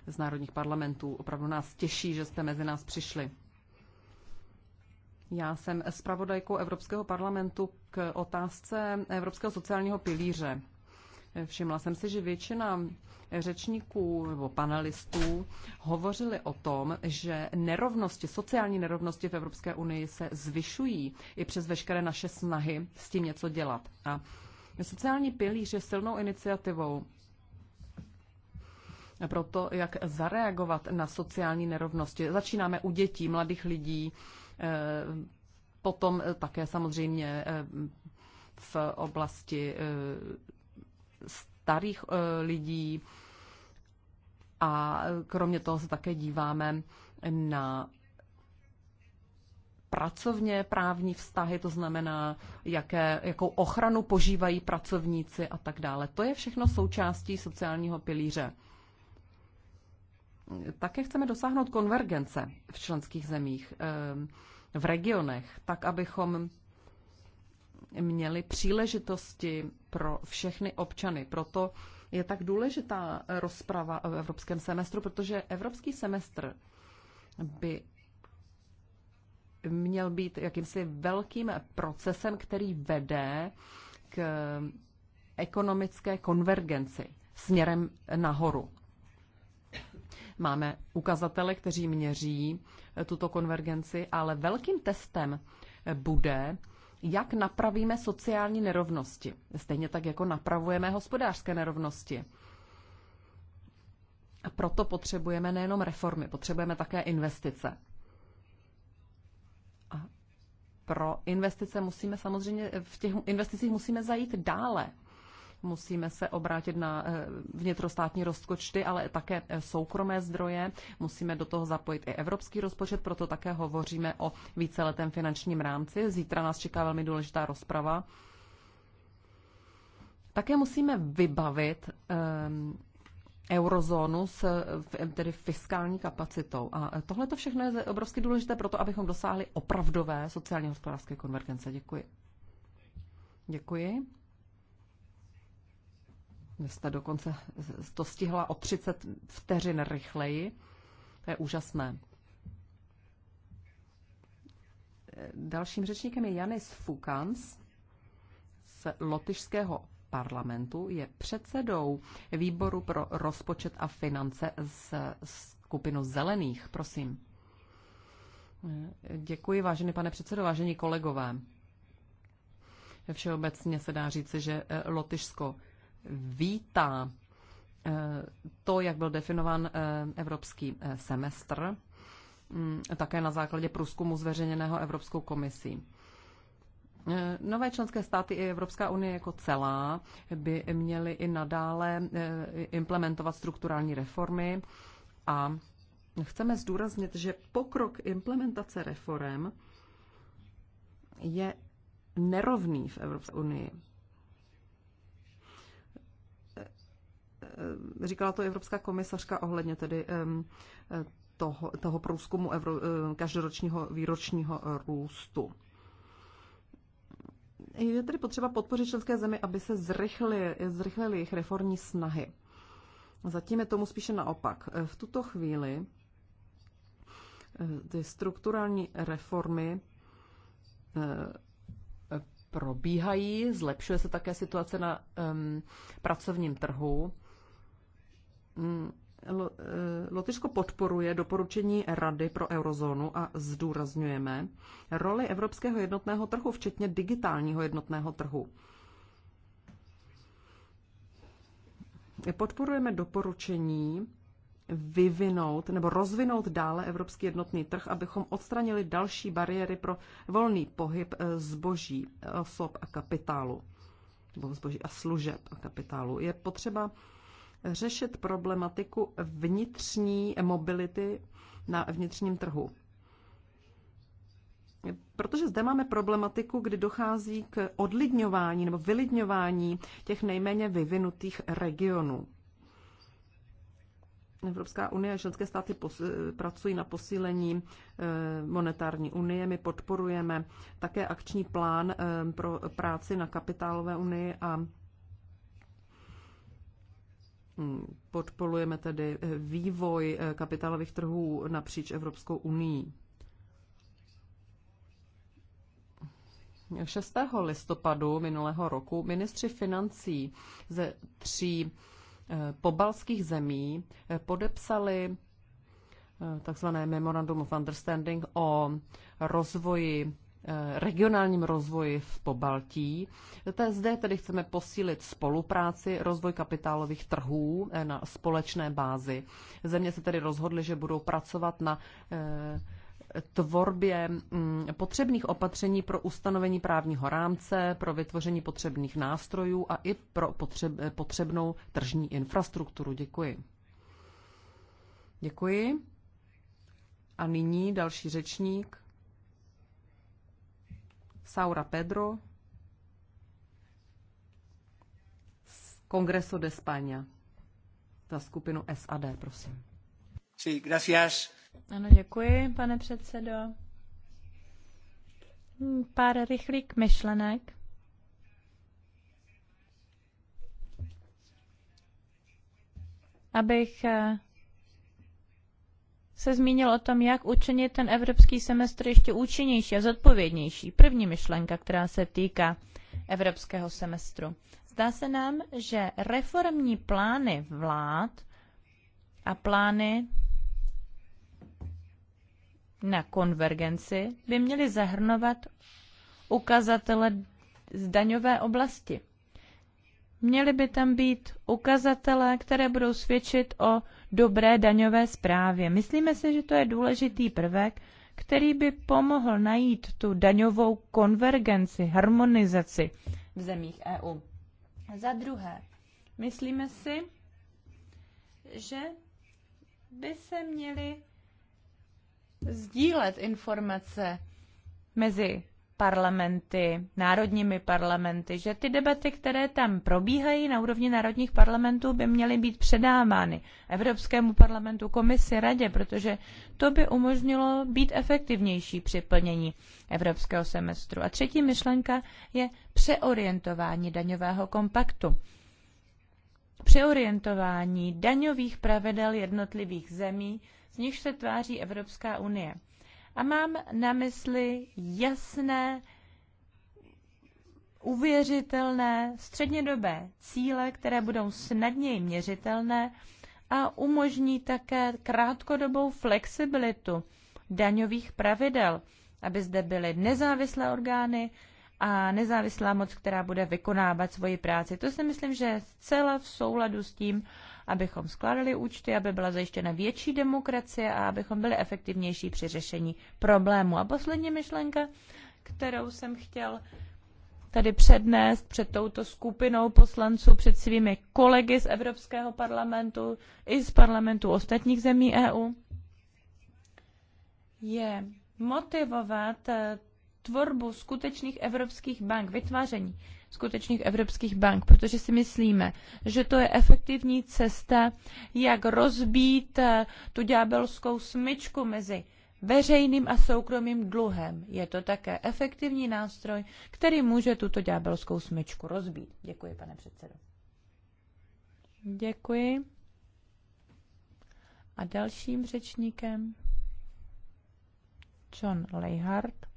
z národních parlamentů. Opravdu nás těší, že jste mezi nás přišli. Já jsem zpravodajkou Evropského parlamentu k otázce Evropského sociálního pilíře. Všimla jsem si, že většina řečníků nebo panelistů hovořili o tom, že nerovnosti, sociální nerovnosti v Evropské unii se zvyšují i přes veškeré naše snahy s tím něco dělat. A sociální pilíř je silnou iniciativou pro to, jak zareagovat na sociální nerovnosti. Začínáme u dětí, mladých lidí, e, potom také samozřejmě e, v oblasti e, starých eh, lidí a kromě toho se také díváme na pracovně právní vztahy, to znamená, jaké, jakou ochranu požívají pracovníci a tak dále. To je všechno součástí sociálního pilíře. Také chceme dosáhnout konvergence v členských zemích, eh, v regionech, tak abychom měli příležitosti pro všechny občany. Proto je tak důležitá rozprava o evropském semestru, protože evropský semestr by měl být jakýmsi velkým procesem, který vede k ekonomické konvergenci směrem nahoru. Máme ukazatele, kteří měří tuto konvergenci, ale velkým testem bude, jak napravíme sociální nerovnosti. Stejně tak, jako napravujeme hospodářské nerovnosti. A proto potřebujeme nejenom reformy, potřebujeme také investice. A pro investice musíme samozřejmě, v těch investicích musíme zajít dále musíme se obrátit na eh, vnitrostátní rozpočty, ale také soukromé zdroje. Musíme do toho zapojit i evropský rozpočet, proto také hovoříme o víceletém finančním rámci. Zítra nás čeká velmi důležitá rozprava. Také musíme vybavit eh, eurozónu s eh, tedy fiskální kapacitou. A tohle to všechno je obrovsky důležité pro to, abychom dosáhli opravdové sociálně hospodářské konvergence. Děkuji. Děkuji jste dokonce to stihla o 30 vteřin rychleji. To je úžasné. Dalším řečníkem je Janis Fukans z lotyšského parlamentu. Je předsedou výboru pro rozpočet a finance z skupinu zelených. Prosím. Děkuji, vážený pane předsedo, vážení kolegové. Všeobecně se dá říci, že Lotyšsko vítá eh, to, jak byl definován eh, evropský eh, semestr, mm, také na základě průzkumu zveřejněného Evropskou komisí. Nové členské státy i Evropská unie jako celá by měly i nadále implementovat strukturální reformy a chceme zdůraznit, že pokrok implementace reform je nerovný v Evropské unii. Eh, říkala to Evropská komisařka ohledně tedy eh, toho, toho průzkumu Evro, eh, každoročního výročního růstu. Je tedy potřeba podpořit členské zemi, aby se zrychlily, jejich reformní snahy. Zatím je tomu spíše naopak. V tuto chvíli ty strukturální reformy probíhají, zlepšuje se také situace na um, pracovním trhu. Mm, eh, Lotyšsko podporuje doporučení Rady pro eurozónu a zdůrazňujeme roli evropského jednotného trhu, včetně digitálního jednotného trhu. Podporujeme doporučení vyvinout nebo rozvinout dále evropský jednotný trh, abychom odstranili další bariéry pro volný pohyb eh, zboží, osob a kapitálu, nebo zboží a služeb a kapitálu. Je potřeba řešit problematiku vnitřní mobility na vnitřním trhu. Protože zde máme problematiku, kdy dochází k odlidňování nebo vylidňování těch nejméně vyvinutých regionů. Evropská unie a členské státy eh, pracují na posílení eh, monetární unie. My podporujeme také akční plán eh, pro práci na kapitálové unii a Mm, podpolujeme tedy eh, vývoj eh, kapitálových trhů napříč Evropskou unii. 6. listopadu minulého roku ministři financí ze tří eh, pobalských zemí podepsali takzvané Memorandum of Understanding o rozvoji Eh, regionálním rozvoji v Pobaltí. Zde tedy chceme posílit spolupráci, rozvoj kapitálových trhů eh, na společné bázi. Země se tedy rozhodly, že budou pracovat na eh, tvorbě mm, potřebných opatření pro ustanovení právního rámce, pro vytvoření potřebných nástrojů a i pro potřebnou tržní infrastrukturu. Děkuji. Děkuji. A nyní další řečník. Saura Pedro z Congreso de España. Za skupinu SAD, prosím. Sí, gracias. Ano, děkuji, pane předsedo. Pár rychlých myšlenek. Abych eh, se zmínil o tom, jak učinit ten evropský semestr ještě účinnější a zodpovědnější. První myšlenka, která se týká evropského semestru. Zdá se nám, že reformní plány vlád a plány na konvergenci by měly zahrnovat ukazatele z daňové oblasti. Měly by tam být ukazatele, které budou svědčit o dobré daňové zprávě. Myslíme si, že to je důležitý prvek, který by pomohl najít tu daňovou konvergenci, harmonizaci v zemích EU. Za druhé, myslíme si, že by se měly sdílet informace mezi parlamenty, národními parlamenty, že ty debaty, které tam probíhají na úrovni národních parlamentů, by měly být předávány Evropskému parlamentu, komisi, radě, protože to by umožnilo být efektivnější při plnění evropského semestru. A třetí myšlenka je přeorientování daňového kompaktu. Přeorientování daňových pravidel jednotlivých zemí, z nichž se tváří Evropská unie. A mám na mysli jasné, uvěřitelné, střednědobé cíle, které budou snadněji měřitelné a umožní také krátkodobou flexibilitu daňových pravidel, aby zde byly nezávislé orgány a nezávislá moc, která bude vykonávat svoji práci. To si myslím, že je zcela v souladu s tím, abychom skládali účty, aby byla zajištěna větší demokracie a abychom byli efektivnější při řešení problému. A poslední myšlenka, kterou jsem chtěl tady přednést před touto skupinou poslanců, před svými kolegy z Evropského parlamentu i z parlamentu ostatních zemí EU, je motivovat eh, tvorbu skutečných evropských bank, vytváření skutečných evropských bank, protože si myslíme, že to je efektivní cesta, jak rozbít eh, tu ďábelskou smyčku mezi veřejným a soukromým dluhem. Je to také efektivní nástroj, který může tuto ďábelskou smyčku rozbít. Děkuji, pane předsedo. Děkuji. A dalším řečníkem John Leihardt.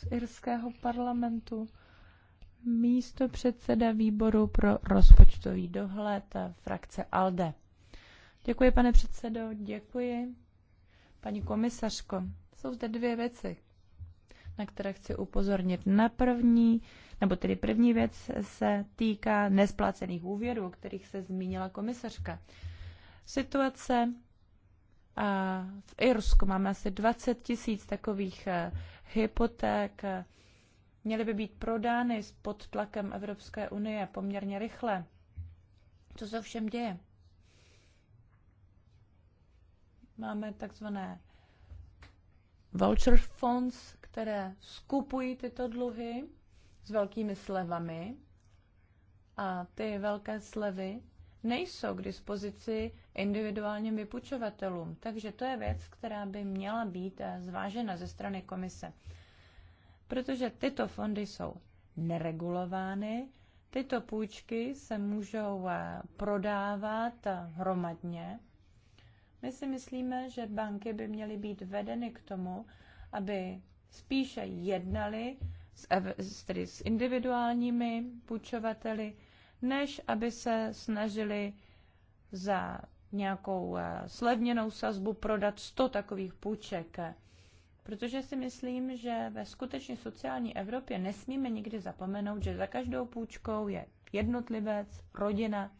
z irského parlamentu, místo předseda výboru pro rozpočtový dohled a frakce ALDE. Děkuji, pane předsedo, děkuji. Paní komisařko, jsou zde dvě věci, na které chci upozornit. Na první, nebo tedy první věc se týká nesplacených úvěrů, o kterých se zmínila komisařka. Situace v Irsku máme asi 20 tisíc takových hypoték měly by být prodány pod tlakem Evropské unie poměrně rychle. Co se všem děje? Máme takzvané voucher funds, které skupují tyto dluhy s velkými slevami a ty velké slevy nejsou k dispozici individuálním vypučovatelům. Takže to je věc, která by měla být eh, zvážena ze strany komise. Protože tyto fondy jsou neregulovány, tyto půjčky se můžou eh, prodávat eh, hromadně. My si myslíme, že banky by měly být vedeny k tomu, aby spíše jednali s, tedy s individuálními půjčovateli, než aby se snažili za nějakou slevněnou eh, sazbu prodat 100 takových půjček. Protože si myslím, že ve skutečně sociální Evropě nesmíme nikdy zapomenout, že za každou půjčkou je jednotlivec, rodina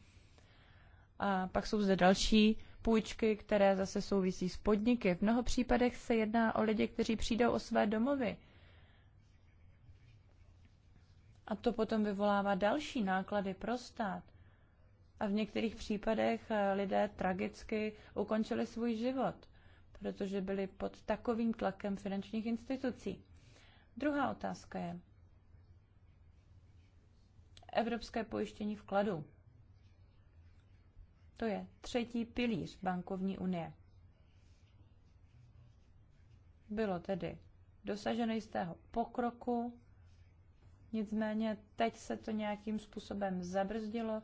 a pak jsou zde další půjčky, které zase souvisí s podniky. V mnoho případech se jedná o lidi, kteří přijdou o své domovy a to potom vyvolává další náklady pro stát. A v některých případech eh, lidé tragicky ukončili svůj život, protože byli pod takovým tlakem finančních institucí. Druhá otázka je evropské pojištění vkladů. To je třetí pilíř bankovní unie. Bylo tedy dosaženo jistého pokroku, Nicméně teď se to nějakým způsobem zabrzdilo.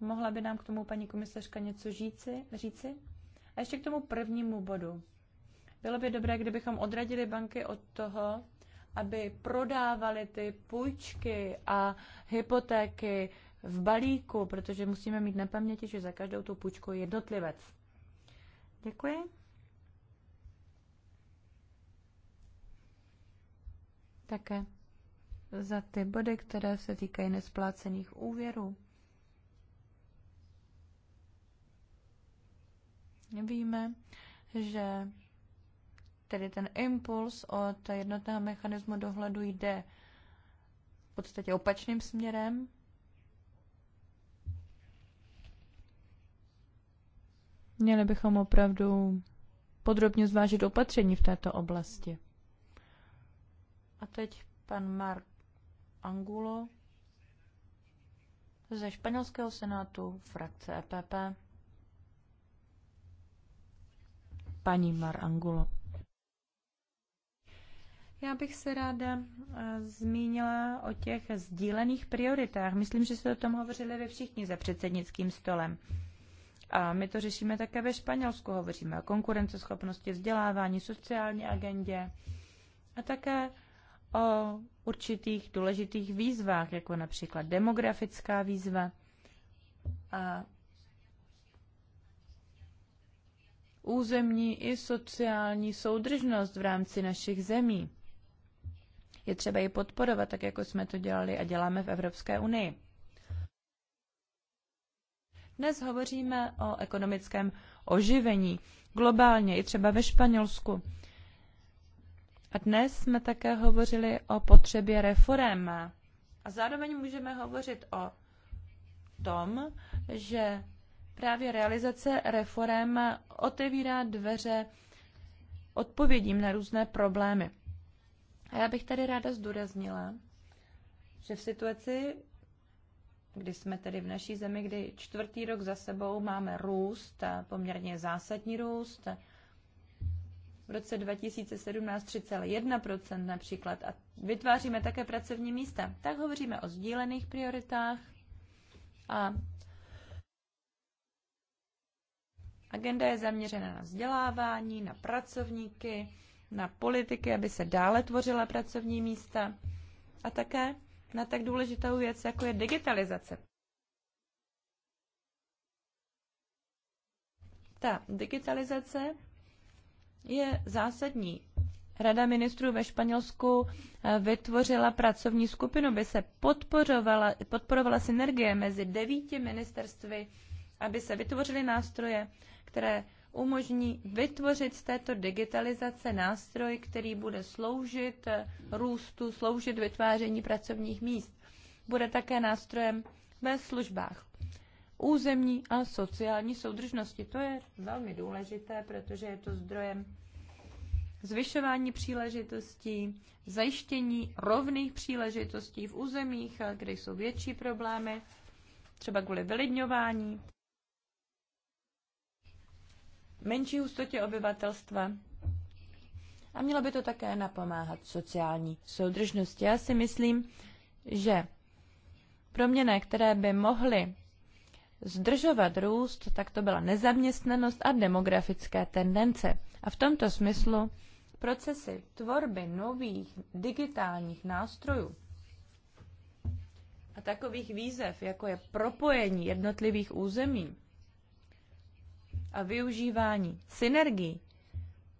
Mohla by nám k tomu paní komisařka něco říci? říci? A ještě k tomu prvnímu bodu. Bylo by dobré, kdybychom odradili banky od toho, aby prodávali ty půjčky a hypotéky v balíku, protože musíme mít na paměti, že za každou tu půjčku je jednotlivec. Děkuji. Také za ty body, které se týkají nesplácených úvěrů. Víme, že tedy ten impuls od jednotného mechanismu dohledu jde v podstatě opačným směrem. Měli bychom opravdu podrobně zvážit opatření v této oblasti. A teď pan Mark Angulo ze španělského senátu frakce EPP. Paní Mar Angulo. Já bych se ráda eh, zmínila o těch sdílených prioritách. Myslím, že jste o tom hovořili ve všichni za předsednickým stolem. A my to řešíme také ve Španělsku. Hovoříme o konkurenceschopnosti, vzdělávání, sociální agendě a také o určitých důležitých výzvách, jako například demografická výzva a územní i sociální soudržnost v rámci našich zemí. Je třeba ji podporovat, tak jako jsme to dělali a děláme v Evropské unii. Dnes hovoříme o ekonomickém oživení globálně i třeba ve Španělsku. A dnes jsme také hovořili o potřebě reform. A zároveň můžeme hovořit o tom, že právě realizace reform otevírá dveře odpovědím na různé problémy. A já bych tady ráda zdůraznila, že v situaci, kdy jsme tedy v naší zemi, kdy čtvrtý rok za sebou máme růst, poměrně zásadní růst, roce 2017 3,1% například a vytváříme také pracovní místa. Tak hovoříme o sdílených prioritách a agenda je zaměřena na vzdělávání, na pracovníky, na politiky, aby se dále tvořila pracovní místa a také na tak důležitou věc, jako je digitalizace. Ta digitalizace je zásadní. Rada ministrů ve Španělsku eh, vytvořila pracovní skupinu, by se podporovala, podporovala synergie mezi devíti ministerstvy, aby se vytvořily nástroje, které umožní vytvořit z této digitalizace nástroj, který bude sloužit eh, růstu, sloužit vytváření pracovních míst. Bude také nástrojem ve službách územní a sociální soudržnosti. To je velmi důležité, protože je to zdrojem zvyšování příležitostí, zajištění rovných příležitostí v územích, kde jsou větší problémy, třeba kvůli vylidňování, menší hustotě obyvatelstva. A mělo by to také napomáhat sociální soudržnosti. Já si myslím, že proměny, které by mohly zdržovat růst, tak to byla nezaměstnanost a demografické tendence. A v tomto smyslu procesy tvorby nových digitálních nástrojů a takových výzev, jako je propojení jednotlivých území a využívání synergií,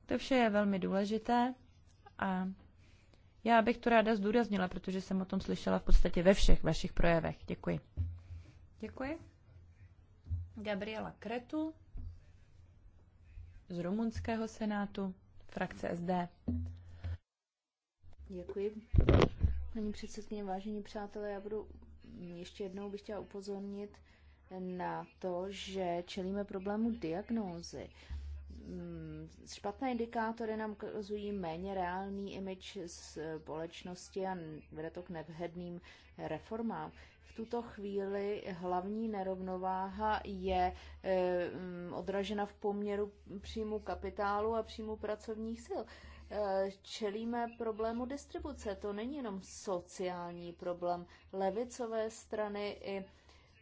to vše je velmi důležité a já bych to ráda zdůraznila, protože jsem o tom slyšela v podstatě ve všech vašich projevech. Děkuji. Děkuji. Gabriela Kretu z rumunského senátu, frakce SD. Děkuji. Paní předsedkyně, vážení přátelé, já budu ještě jednou bych chtěla upozornit na to, že čelíme problému diagnózy. Mm, špatné indikátory nám ukazují méně reálný image společnosti a vede to k nevhedným reformám. V tuto chvíli hlavní nerovnováha je eh, mm, odražena v poměru příjmu kapitálu a příjmu pracovních sil. Eh, čelíme problému distribuce. To není jenom sociální problém. Levicové strany i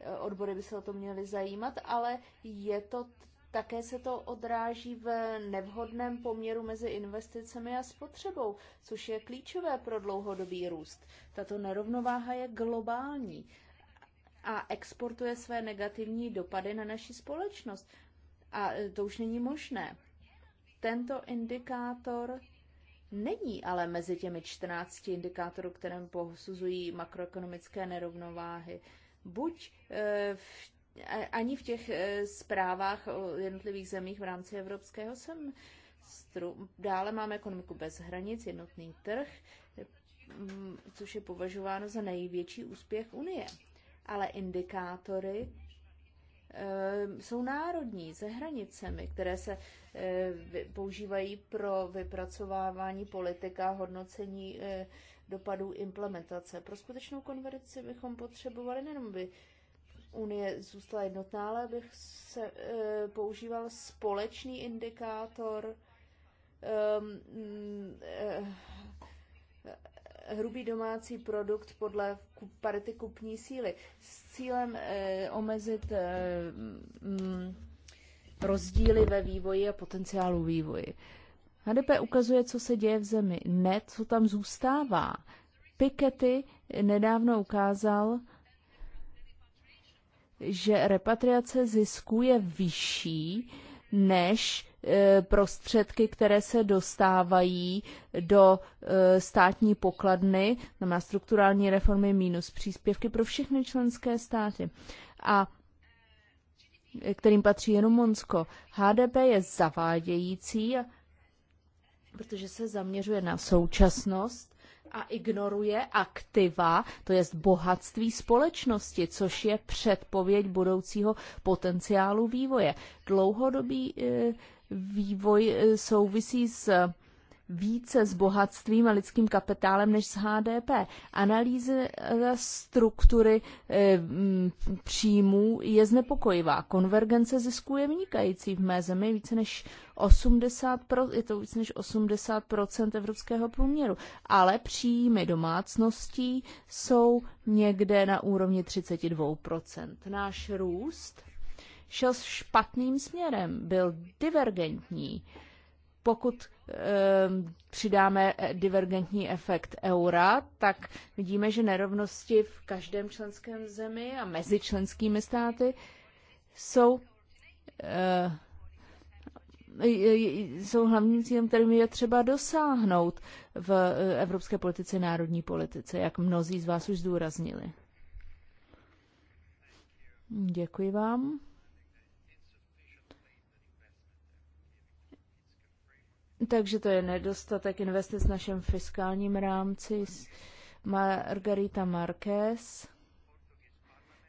eh, odbory by se o to měly zajímat, ale je to také se to odráží v nevhodném poměru mezi investicemi a spotřebou, což je klíčové pro dlouhodobý růst. Tato nerovnováha je globální a exportuje své negativní dopady na naši společnost. A e, to už není možné. Tento indikátor není ale mezi těmi 14 indikátorů, kterým posuzují makroekonomické nerovnováhy. Buď e, v ani v těch eh, zprávách o jednotlivých zemích v rámci evropského semestru. Dále máme ekonomiku bez hranic, jednotný trh, mm, což je považováno za největší úspěch Unie. Ale indikátory eh, jsou národní, se hranicemi, které se eh, používají pro vypracovávání politika, hodnocení dopadů implementace. Pro skutečnou konverci bychom potřebovali nejenom by unie zůstala jednotná, ale bych se e, používal společný indikátor um, e, hrubý domácí produkt podle parity kupní síly s cílem e, omezit e, m, rozdíly ve vývoji a potenciálu vývoji. HDP ukazuje, co se děje v zemi, ne co tam zůstává. Piketty nedávno ukázal, že repatriace zisku je vyšší než e, prostředky, které se dostávají do e, státní pokladny, znamená strukturální reformy minus příspěvky pro všechny členské státy. A e, kterým patří Rumunsko. HDP je zavádějící, protože se zaměřuje na současnost a ignoruje aktiva, to je bohatství společnosti, což je předpověď budoucího potenciálu vývoje. Dlouhodobý eh, vývoj eh, souvisí s více s bohatstvím a lidským kapitálem než s HDP. Analýza struktury e, příjmů je znepokojivá. Konvergence zisků je vynikající v mé zemi více než 80 je to více než 80 evropského průměru, ale příjmy domácností jsou někde na úrovni 32 Náš růst šel špatným směrem, byl divergentní. Pokud Ehm, přidáme divergentní efekt eura, tak vidíme, že nerovnosti v každém členském zemi a mezi členskými státy jsou, ehm, jsou hlavním cílem, kterým je třeba dosáhnout v evropské politice, národní politice, jak mnozí z vás už zdůraznili. Děkuji vám. Takže to je nedostatek investic v našem fiskálním rámci. Margarita Marquez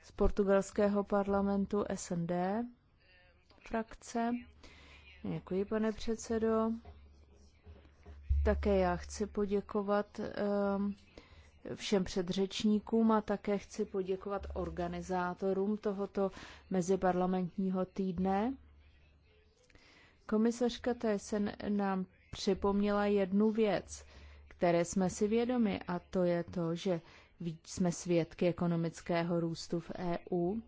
z portugalského parlamentu SND frakce. Děkuji, pane předsedo. Také já chci poděkovat ehm, všem předřečníkům a také chci poděkovat organizátorům tohoto meziparlamentního týdne. Komisařka Tyson nám připomněla jednu věc, které jsme si vědomi, a to je to, že jsme svědky ekonomického růstu v EU,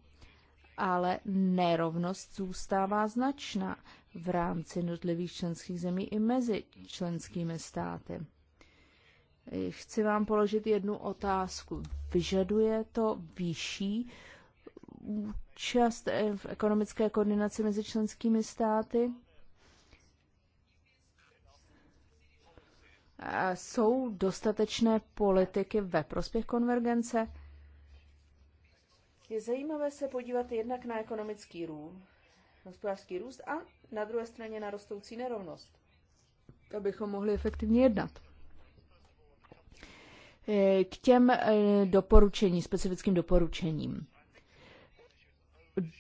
ale nerovnost zůstává značná v rámci jednotlivých členských zemí i mezi členskými státy. Chci vám položit jednu otázku. Vyžaduje to vyšší účast v ekonomické koordinaci mezi členskými státy? Jsou dostatečné politiky ve prospěch konvergence? Je zajímavé se podívat jednak na ekonomický růst, hospodářský růst a na druhé straně na rostoucí nerovnost, abychom mohli efektivně jednat. E, k těm e, doporučení, specifickým doporučením.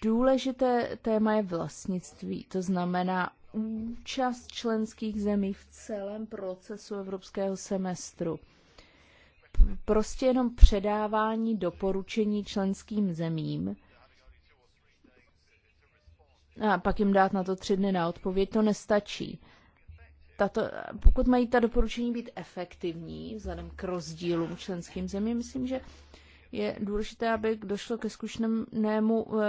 Důležité téma je vlastnictví, to znamená účast členských zemí v celém procesu evropského semestru. Prostě jenom předávání doporučení členským zemím a pak jim dát na to tři dny na odpověď, to nestačí. Tato, pokud mají ta doporučení být efektivní vzhledem k rozdílům členským zemím, myslím, že je důležité, aby došlo ke zkušenému um,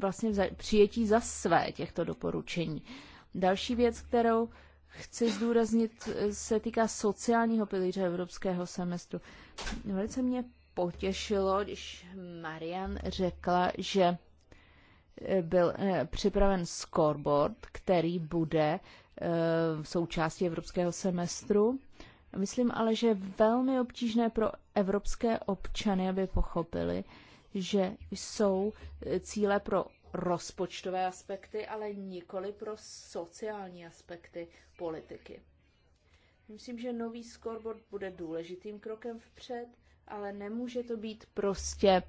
vlastně přijetí za své těchto doporučení. Další věc, kterou chci zdůraznit, se týká sociálního pilíře evropského semestru. Velice mě potěšilo, když Marian řekla, že byl eh, připraven scoreboard, který bude v eh, součástí evropského semestru. Myslím ale, že je velmi obtížné pro evropské občany, aby pochopili, že jsou eh, cíle pro rozpočtové aspekty, ale nikoli pro sociální aspekty politiky. Myslím, že nový scoreboard bude důležitým krokem vpřed, ale nemůže to být prostě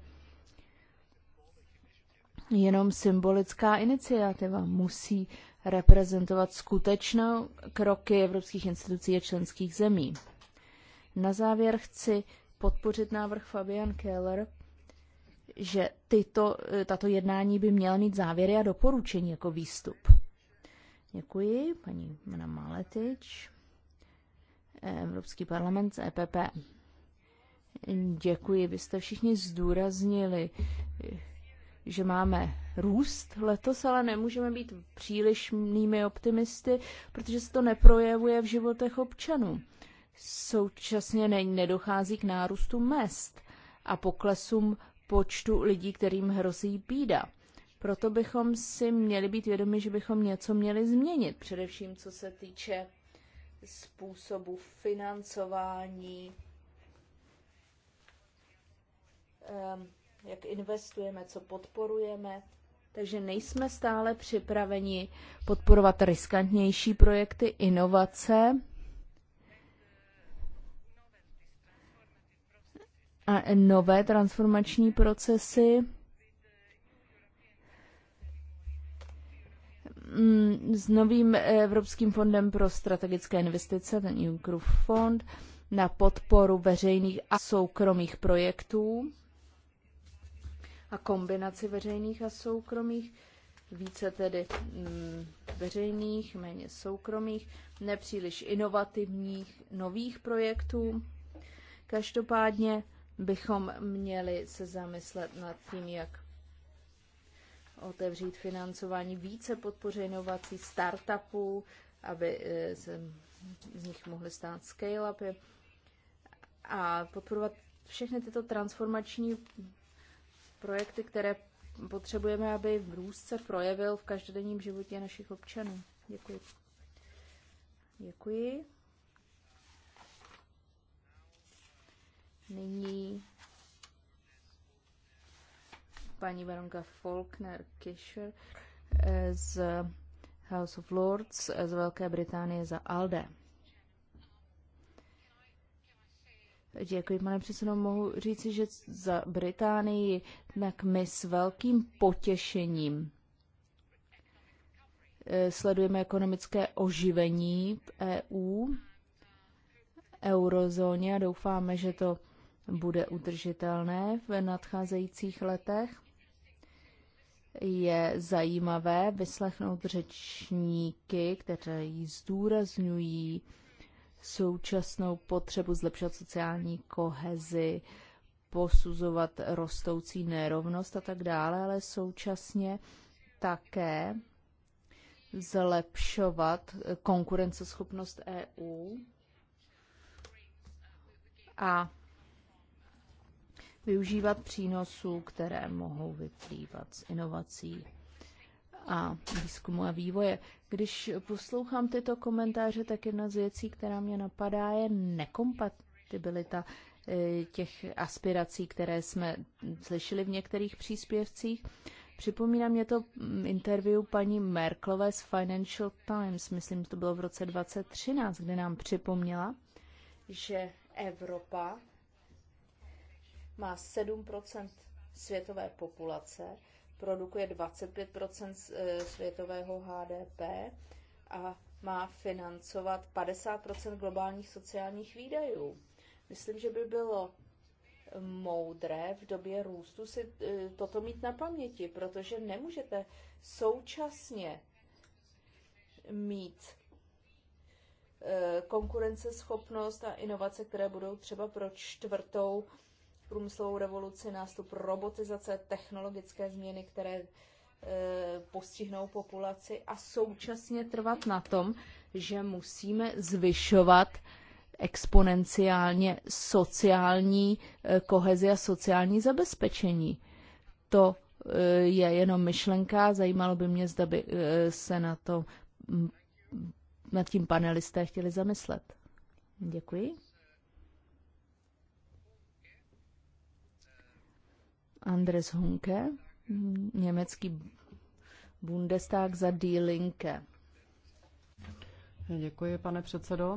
jenom symbolická iniciativa. Musí reprezentovat skutečné kroky evropských institucí a členských zemí. Na závěr chci podpořit návrh Fabian Keller že tyto, eh, tato jednání by měla mít závěry a doporučení jako výstup. Děkuji, paní Mena Maletič, Evropský parlament z EPP. Děkuji, vy jste všichni zdůraznili, eh, že máme růst letos, ale nemůžeme být příliš mnými optimisty, protože se to neprojevuje v životech občanů. Současně nedochází k nárůstu mest a poklesům počtu lidí, kterým hrozí bída. Proto bychom si měli být vědomi, že bychom něco měli změnit, především co se týče způsobu financování, ehm, jak investujeme, co podporujeme. Takže nejsme stále připraveni podporovat riskantnější projekty, inovace, a nové transformační procesy. Mm, s novým eh, Evropským fondem pro strategické investice, ten Junckerův fond, na podporu veřejných a soukromých projektů a kombinaci veřejných a soukromých, více tedy mm, veřejných, méně soukromých, nepříliš inovativních nových projektů. Každopádně bychom měli se zamyslet nad tím, jak otevřít financování, více podpoře inovací, startupů, aby eh, se z nich mohly stát scale-upy a podporovat všechny tyto transformační projekty, které potřebujeme, aby růst se projevil v každodenním životě našich občanů. Děkuji. Děkuji. Nyní paní baronka Faulkner Kisher eh, z House of Lords eh, z Velké Británie za ALDE. Děkuji, pane předsedo. Mohu říci, že za Británii tak my s velkým potěšením eh, sledujeme ekonomické oživení v EU, eurozóně a doufáme, že to bude udržitelné v nadcházejících letech. Je zajímavé vyslechnout řečníky, které zdůrazňují současnou potřebu zlepšovat sociální kohezi, posuzovat rostoucí nerovnost a tak dále, ale současně také zlepšovat konkurenceschopnost EU a využívat přínosů, které mohou vyplývat z inovací a výzkumu a vývoje. Když poslouchám tyto komentáře, tak jedna z věcí, která mě napadá, je nekompatibilita eh, těch aspirací, které jsme slyšeli v některých příspěvcích. Připomíná mě to mm, interview paní Merklové z Financial Times, myslím, to bylo v roce 2013, kde nám připomněla, že Evropa má 7 světové populace, produkuje 25 e, světového HDP a má financovat 50 globálních sociálních výdajů. Myslím, že by bylo moudré v době růstu si e, toto mít na paměti, protože nemůžete současně mít e, konkurenceschopnost a inovace, které budou třeba pro čtvrtou průmyslovou revoluci, nástup robotizace, technologické změny, které e, postihnou populaci a současně trvat na tom, že musíme zvyšovat exponenciálně sociální e, kohezi a sociální zabezpečení. To e, je jenom myšlenka, zajímalo by mě, zda by se na to nad tím panelisté chtěli zamyslet. Děkuji. Andres Hunke, německý Bundestag za Die Linke. Děkuji, pane předsedo.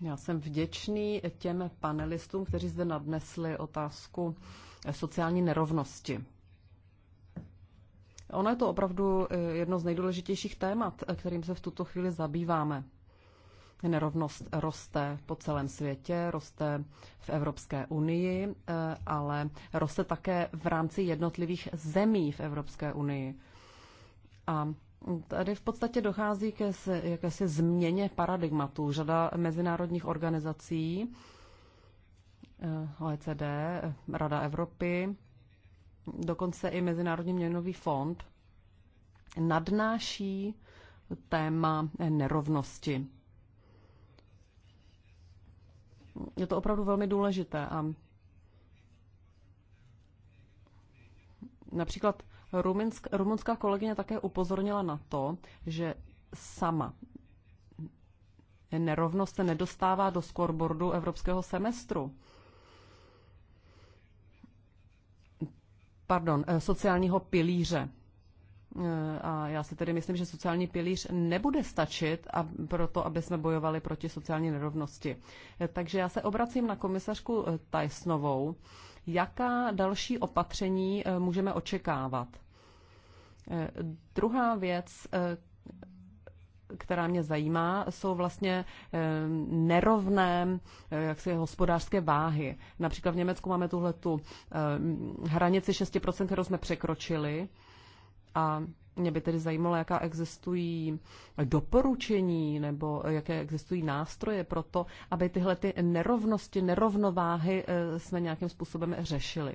Já jsem vděčný těm panelistům, kteří zde nadnesli otázku sociální nerovnosti. Ono je to opravdu eh, jedno z nejdůležitějších témat, eh, kterým se v tuto chvíli zabýváme. Vlastně nerovnost roste po celém světě, roste v Evropské unii, eh, ale roste také v rámci jednotlivých zemí v Evropské unii. A Tady v podstatě dochází ke jakési změně paradigmatu. Řada mezinárodních organizací, eh, OECD, Rada Evropy, dokonce i Mezinárodní měnový fond nadnáší téma nerovnosti je to opravdu velmi důležité. A například Ruminsk, rumunská kolegyně také upozornila na to, že sama nerovnost se nedostává do scoreboardu evropského semestru. Pardon, eh, sociálního pilíře. A já si tedy myslím, že sociální pilíř nebude stačit a proto, aby jsme bojovali proti sociální nerovnosti. Takže já se obracím na komisařku eh, Tajsnovou. Jaká další opatření eh, můžeme očekávat? Eh, druhá věc, která mě zajímá, jsou vlastně nerovné jaksi hospodářské váhy. Například v Německu máme tuhle tu hranici 6%, kterou jsme překročili. A mě by tedy zajímalo, jaká existují doporučení nebo jaké existují nástroje pro to, aby tyhle ty nerovnosti, nerovnováhy eh, jsme nějakým způsobem řešili.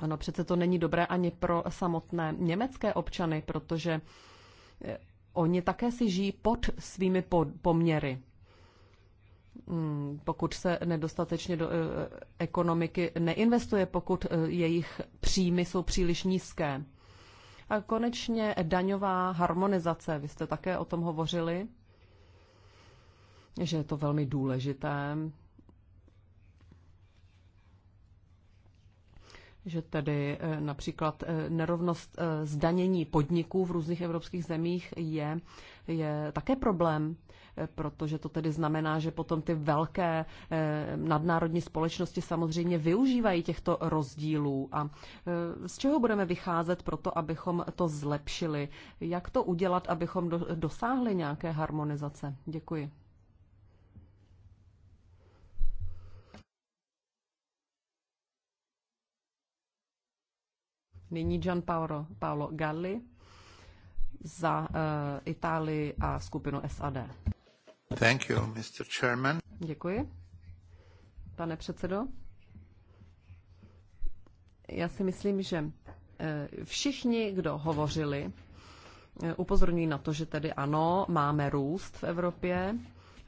Ano, přece to není dobré ani pro samotné německé občany, protože eh, oni také si žijí pod svými poměry. Mm, pokud se nedostatečně do eh, ekonomiky neinvestuje, pokud eh, jejich příjmy jsou příliš nízké. A konečně daňová harmonizace. Vy jste také o tom hovořili, že je to velmi důležité. že tedy eh, například nerovnost zdanění podniků v různých evropských zemích je, je také problém protože to tedy znamená, že potom ty velké eh, nadnárodní společnosti samozřejmě využívají těchto rozdílů. A eh, z čeho budeme vycházet pro to, abychom to zlepšili? Jak to udělat, abychom dosáhli nějaké harmonizace? Děkuji. Nyní Gian Paolo, Paolo Galli za uh, Itálii a skupinu SAD. Thank you, Mr. Chairman. Děkuji. Pane předsedo, já si myslím, že e, všichni, kdo hovořili, e, upozorňují na to, že tedy ano, máme růst v Evropě,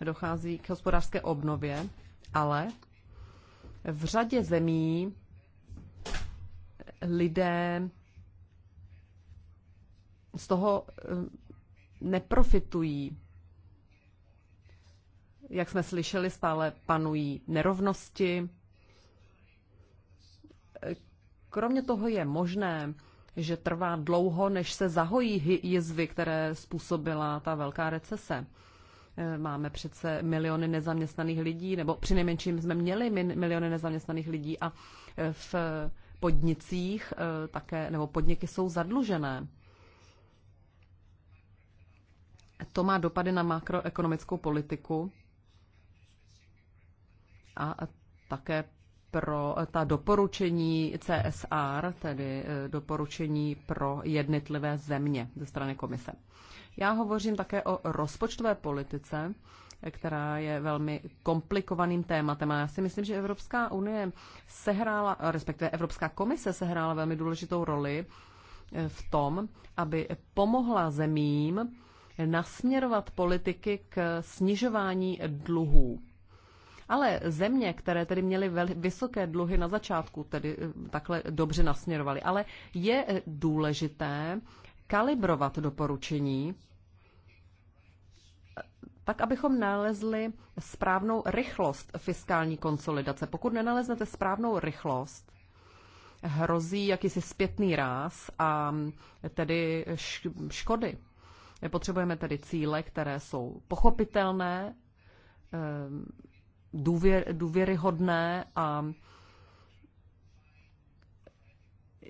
dochází k hospodářské obnově, ale v řadě zemí lidé z toho e, neprofitují jak jsme slyšeli, stále panují nerovnosti. Kromě toho je možné, že trvá dlouho, než se zahojí jizvy, které způsobila ta velká recese. E, máme přece miliony nezaměstnaných lidí, nebo přinejmenším jsme měli miliony nezaměstnaných lidí a e, v podnicích e, také, nebo podniky jsou zadlužené. To má dopady na makroekonomickou politiku a také pro ta doporučení CSR, tedy e, doporučení pro jednotlivé země ze strany komise. Já hovořím také o rozpočtové politice, která je velmi komplikovaným tématem. A já si myslím, že Evropská unie sehrála, respektive Evropská komise sehrála velmi důležitou roli e, v tom, aby pomohla zemím nasměrovat politiky k snižování dluhů. Ale země, které tedy měly vysoké dluhy na začátku, tedy eh, takhle dobře nasměrovaly. Ale je eh, důležité kalibrovat doporučení eh, tak abychom nalezli správnou rychlost fiskální konsolidace. Pokud nenaleznete správnou rychlost, hrozí jakýsi zpětný ráz a tedy škody. Potřebujeme tedy cíle, které jsou pochopitelné, důvěr, důvěryhodné a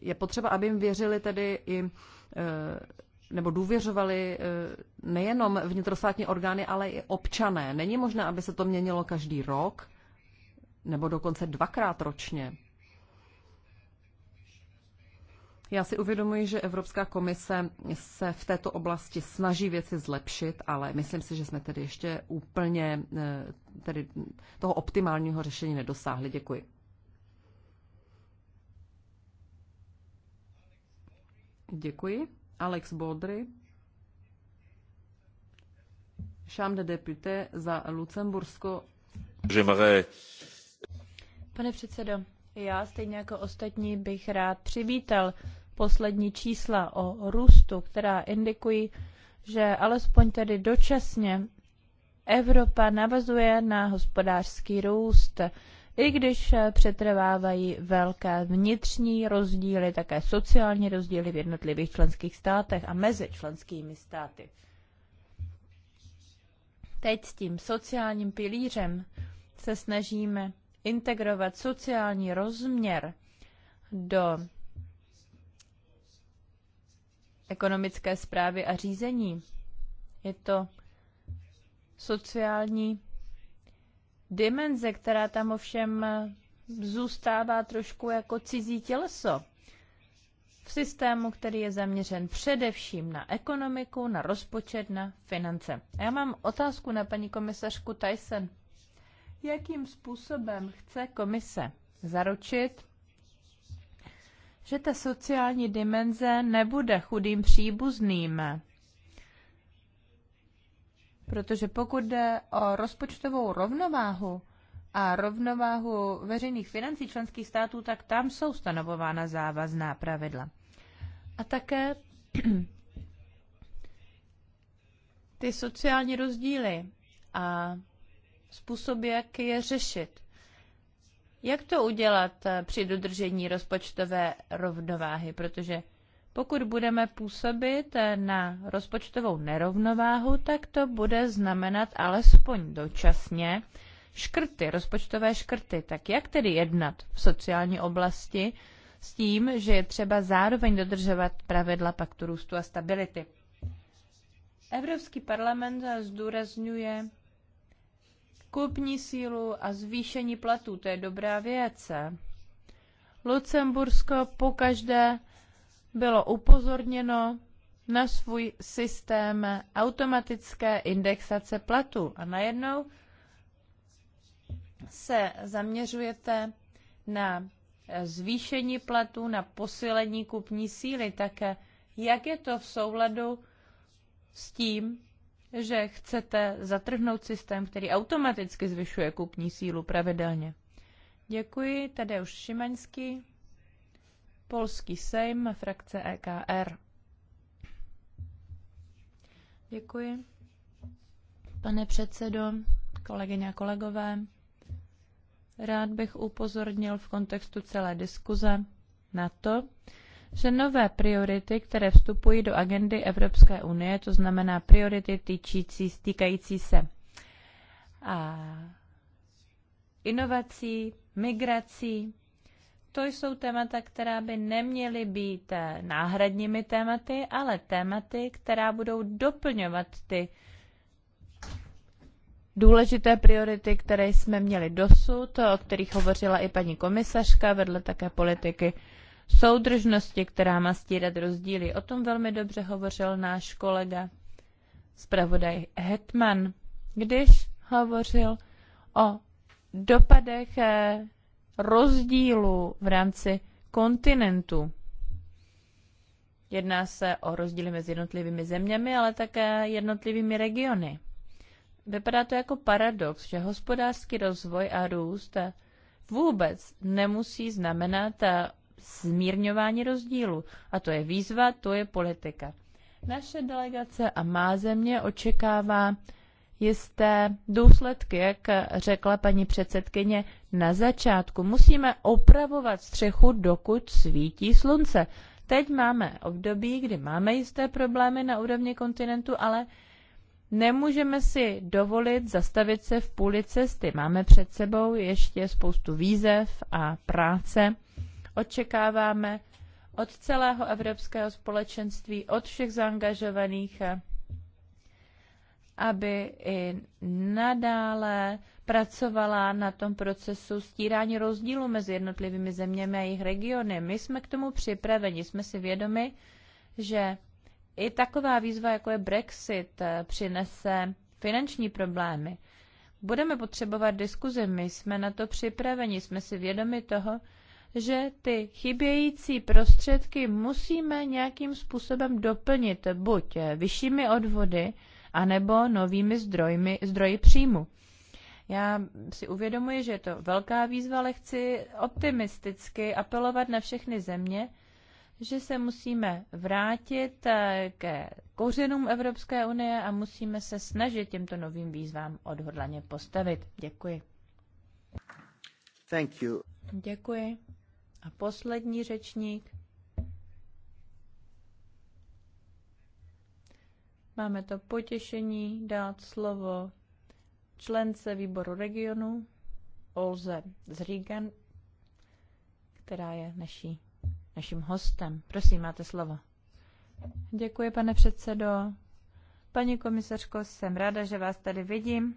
je potřeba, aby jim věřili tedy i e, nebo důvěřovali e, nejenom vnitrostátní orgány, ale i občané. Není možné, aby se to měnilo každý rok nebo dokonce dvakrát ročně. Já si uvědomuji, že Evropská komise se v této oblasti snaží věci zlepšit, ale myslím si, že jsme tedy ještě úplně eh, tedy toho optimálního řešení nedosáhli. Děkuji. Děkuji. Alex Bodry. Chambre de député za Lucembursko. Pane předsedo, já stejně jako ostatní bych rád přivítal poslední čísla o růstu, která indikují, že alespoň tedy dočasně Evropa navazuje na hospodářský růst, i když přetrvávají velké vnitřní rozdíly, také sociální rozdíly v jednotlivých členských státech a mezi členskými státy. Teď s tím sociálním pilířem se snažíme integrovat sociální rozměr do ekonomické zprávy a řízení. Je to sociální dimenze, která tam ovšem zůstává trošku jako cizí těleso. V systému, který je zaměřen především na ekonomiku, na rozpočet, na finance. A já mám otázku na paní komisařku Tyson. Jakým způsobem chce komise zaručit, že ta sociální dimenze nebude chudým příbuzným. Protože pokud jde o rozpočtovou rovnováhu a rovnováhu veřejných financí členských států, tak tam jsou stanovována závazná pravidla. A také ty sociální rozdíly a způsob, jak je řešit. Jak to udělat eh, při dodržení rozpočtové rovnováhy? Protože pokud budeme působit eh, na rozpočtovou nerovnováhu, tak to bude znamenat alespoň dočasně škrty, rozpočtové škrty. Tak jak tedy jednat v sociální oblasti s tím, že je třeba zároveň dodržovat pravidla paktu růstu a stability? Evropský parlament zdůrazňuje kupní sílu a zvýšení platů. To je dobrá věc. Lucembursko pokaždé bylo upozorněno na svůj systém automatické indexace platu. A najednou se zaměřujete na zvýšení platu, na posílení kupní síly. Také jak je to v souladu s tím, že chcete zatrhnout systém, který automaticky zvyšuje kupní sílu pravidelně. Děkuji, už Šimaňský, Polský sejm, frakce EKR. Děkuji. Pane předsedo, kolegyně a kolegové, rád bych upozornil v kontextu celé diskuze na to, že nové priority, které vstupují do agendy Evropské unie, to znamená priority týčící, týkající se a inovací, migrací, to jsou témata, která by neměly být eh, náhradními tématy, ale tématy, která budou doplňovat ty důležité priority, které jsme měli dosud, o kterých hovořila i paní komisařka, vedle také politiky soudržnosti, která má stírat rozdíly. O tom velmi dobře hovořil náš kolega zpravodaj Hetman, když hovořil o dopadech eh, rozdílu v rámci kontinentu. Jedná se o rozdíly mezi jednotlivými zeměmi, ale také jednotlivými regiony. Vypadá to jako paradox, že hospodářský rozvoj a růst vůbec nemusí znamenat eh, zmírňování rozdílu. A to je výzva, to je politika. Naše delegace a má země očekává jisté důsledky, jak řekla paní předsedkyně na začátku. Musíme opravovat střechu, dokud svítí slunce. Teď máme období, kdy máme jisté problémy na úrovni kontinentu, ale nemůžeme si dovolit zastavit se v půli cesty. Máme před sebou ještě spoustu výzev a práce očekáváme od celého evropského společenství, od všech zaangažovaných, aby i nadále pracovala na tom procesu stírání rozdílu mezi jednotlivými zeměmi a jejich regiony. My jsme k tomu připraveni, jsme si vědomi, že i taková výzva, jako je Brexit, přinese finanční problémy. Budeme potřebovat diskuzi, my jsme na to připraveni, jsme si vědomi toho, že ty chybějící prostředky musíme nějakým způsobem doplnit buď vyššími odvody, anebo novými zdrojmi, zdroji příjmu. Já si uvědomuji, že je to velká výzva, ale chci optimisticky apelovat na všechny země, že se musíme vrátit eh, ke kořenům Evropské unie a musíme se snažit těmto novým výzvám odhodlaně postavit. Děkuji. Thank you. Děkuji. A poslední řečník. Máme to potěšení dát slovo člence výboru regionu Olze Zrigan, která je naší, naším hostem. Prosím, máte slovo. Děkuji, pane předsedo. Paní komisařko, jsem ráda, že vás tady vidím.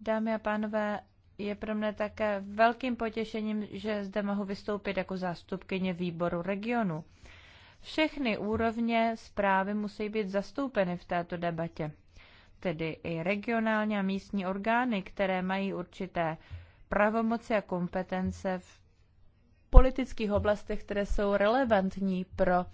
Dámy a pánové, je pro mne také velkým potěšením, že zde mohu vystoupit jako zástupkyně výboru regionu. Všechny úrovně zprávy musí být zastoupeny v této debatě, tedy i regionální a místní orgány, které mají určité pravomoci a kompetence v politických oblastech, které jsou relevantní pro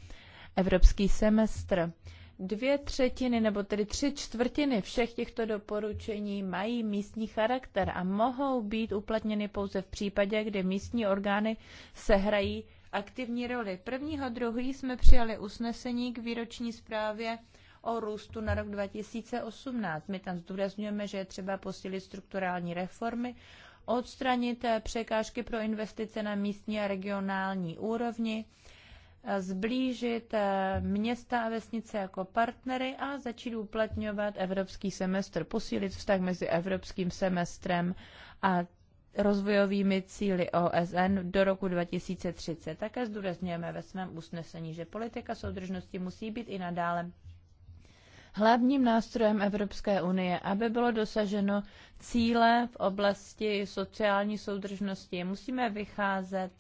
evropský semestr dvě třetiny nebo tedy tři čtvrtiny všech těchto doporučení mají místní charakter a mohou být uplatněny pouze v případě, kdy místní orgány sehrají aktivní roli. Prvního druhý jsme přijali usnesení k výroční zprávě o růstu na rok 2018. My tam zdůrazňujeme, že je třeba posílit strukturální reformy, odstranit překážky pro investice na místní a regionální úrovni, zblížit eh, města a vesnice jako partnery a začít uplatňovat evropský semestr, posílit vztah mezi evropským semestrem a rozvojovými cíly OSN do roku 2030. Také zdůrazňujeme ve svém usnesení, že politika soudržnosti musí být i nadále hlavním nástrojem Evropské unie, aby bylo dosaženo cíle v oblasti sociální soudržnosti. Musíme vycházet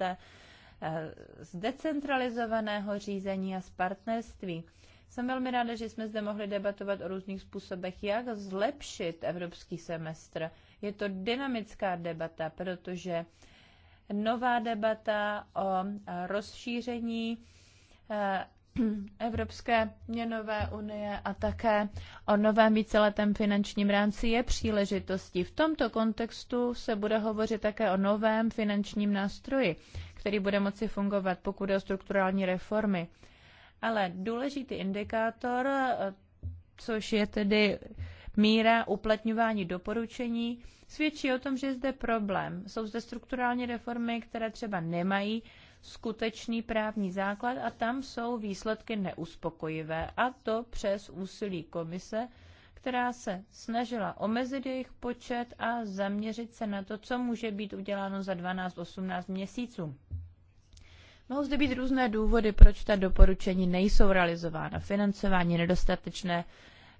z decentralizovaného řízení a z partnerství. Jsem velmi ráda, že jsme zde mohli debatovat o různých způsobech, jak zlepšit evropský semestr. Je to dynamická debata, protože nová debata o rozšíření eh, Evropské měnové unie a také o novém víceletém finančním rámci je příležitostí. V tomto kontextu se bude hovořit také o novém finančním nástroji který bude moci fungovat, pokud je o strukturální reformy. Ale důležitý indikátor, eh, což je tedy míra uplatňování doporučení, svědčí o tom, že je zde problém. Jsou zde strukturální reformy, které třeba nemají skutečný právní základ a tam jsou výsledky neuspokojivé. A to přes úsilí komise která se snažila omezit jejich počet a zaměřit se na to, co může být uděláno za 12-18 měsíců. Mohou zde být různé důvody, proč ta doporučení nejsou realizována. Financování, nedostatečné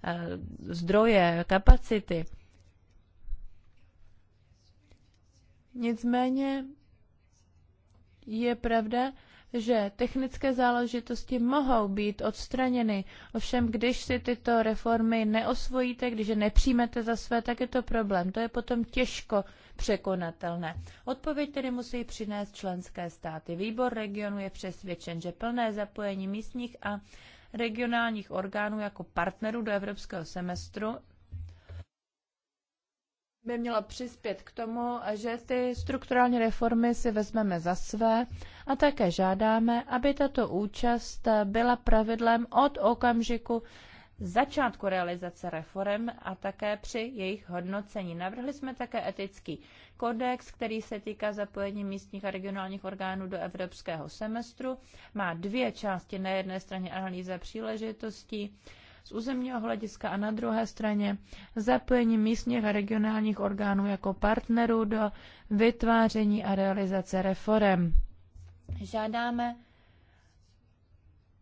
eh, zdroje, kapacity. Nicméně je pravda, že technické záležitosti mohou být odstraněny. Ovšem, když si tyto reformy neosvojíte, když je nepřijmete za své, tak je to problém. To je potom těžko překonatelné. Odpověď tedy musí přinést členské státy. Výbor regionu je přesvědčen, že plné zapojení místních a regionálních orgánů jako partnerů do evropského semestru by mělo přispět k tomu, že ty strukturální reformy si vezmeme za své a také žádáme, aby tato účast byla pravidlem od okamžiku začátku realizace reform a také při jejich hodnocení. Navrhli jsme také etický kodex, který se týká zapojení místních a regionálních orgánů do evropského semestru. Má dvě části, na jedné straně analýza příležitostí, z územního hlediska a na druhé straně zapojení místních a regionálních orgánů jako partnerů do vytváření a realizace reform. Žádáme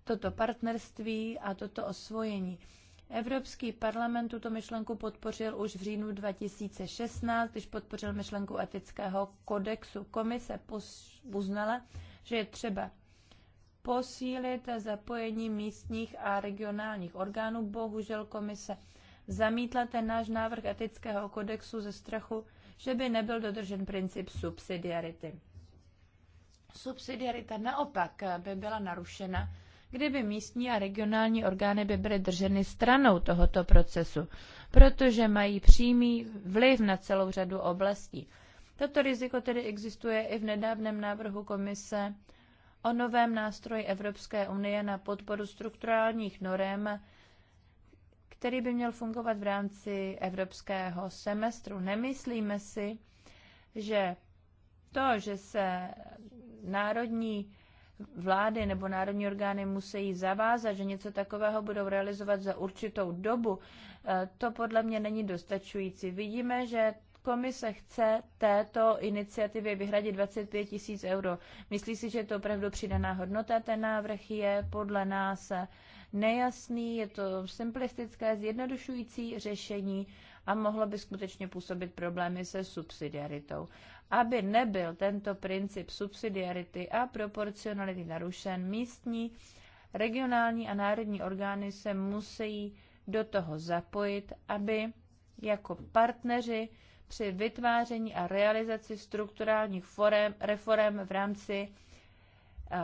toto partnerství a toto osvojení. Evropský parlament tuto myšlenku podpořil už v říjnu 2016, když podpořil myšlenku etického kodexu. Komise uznala, že je třeba posílit zapojení místních a regionálních orgánů. Bohužel komise zamítla ten náš návrh etického kodexu ze strachu, že by nebyl dodržen princip subsidiarity. Subsidiarita naopak by byla narušena, kdyby místní a regionální orgány by byly drženy stranou tohoto procesu, protože mají přímý vliv na celou řadu oblastí. Toto riziko tedy existuje i v nedávném návrhu komise o novém nástroji Evropské unie na podporu strukturálních norem, který by měl fungovat v rámci evropského semestru. Nemyslíme si, že to, že se národní vlády nebo národní orgány musí zavázat, že něco takového budou realizovat za určitou dobu, eh, to podle mě není dostačující. Vidíme, že Komise chce této iniciativě vyhradit 25 tisíc euro. Myslí si, že je to opravdu přidaná hodnota. Ten návrh je podle nás nejasný, je to simplistické, zjednodušující řešení a mohlo by skutečně působit problémy se subsidiaritou. Aby nebyl tento princip subsidiarity a proporcionality narušen, místní, regionální a národní orgány se musí do toho zapojit, aby jako partneři při vytváření a realizaci strukturálních forem, reform v rámci eh,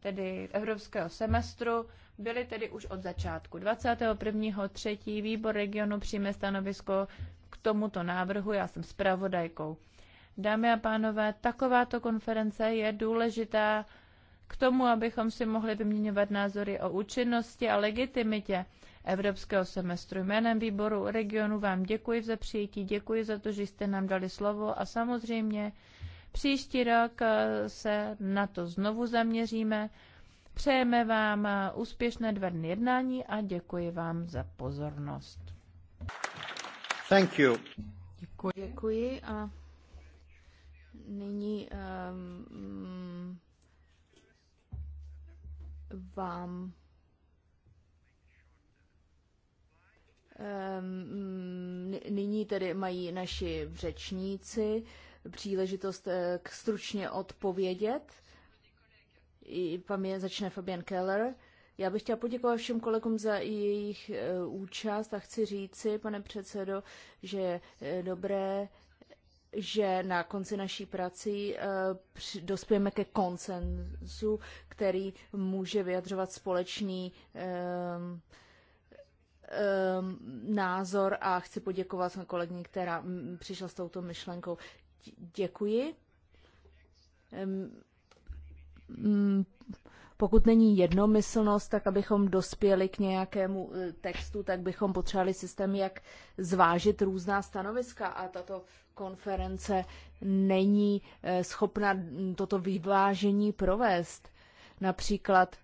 tedy evropského semestru, byly tedy už od začátku. 21.3. výbor regionu přijme stanovisko k tomuto návrhu, já jsem zpravodajkou. Dámy a pánové, takováto konference je důležitá k tomu, abychom si mohli vyměňovat názory o účinnosti a legitimitě evropského semestru. Jménem výboru regionu vám děkuji za přijetí, děkuji za to, že jste nám dali slovo a samozřejmě příští rok eh, se na to znovu zaměříme. Přejeme vám eh, úspěšné dva dny jednání a děkuji vám za pozornost. Thank you. Děkuji. Děkuji a nyní um, vám Nyní tedy mají naši řečníci příležitost eh, k stručně odpovědět. I pamě, začne Fabian Keller. Já bych chtěla poděkovat všem kolegům za jejich eh, účast a chci říci, pane předsedo, že je dobré, že na konci naší prací eh, dospějeme ke konsenzu, který může vyjadřovat společný Um, názor a chci poděkovat své kolegyni, která mm, přišla s touto myšlenkou. Děkuji. Um, mm, pokud není jednomyslnost, tak abychom dospěli k nějakému uh, textu, tak bychom potřebovali systém, jak zvážit různá stanoviska a tato konference není eh, schopna toto vyvážení provést. Například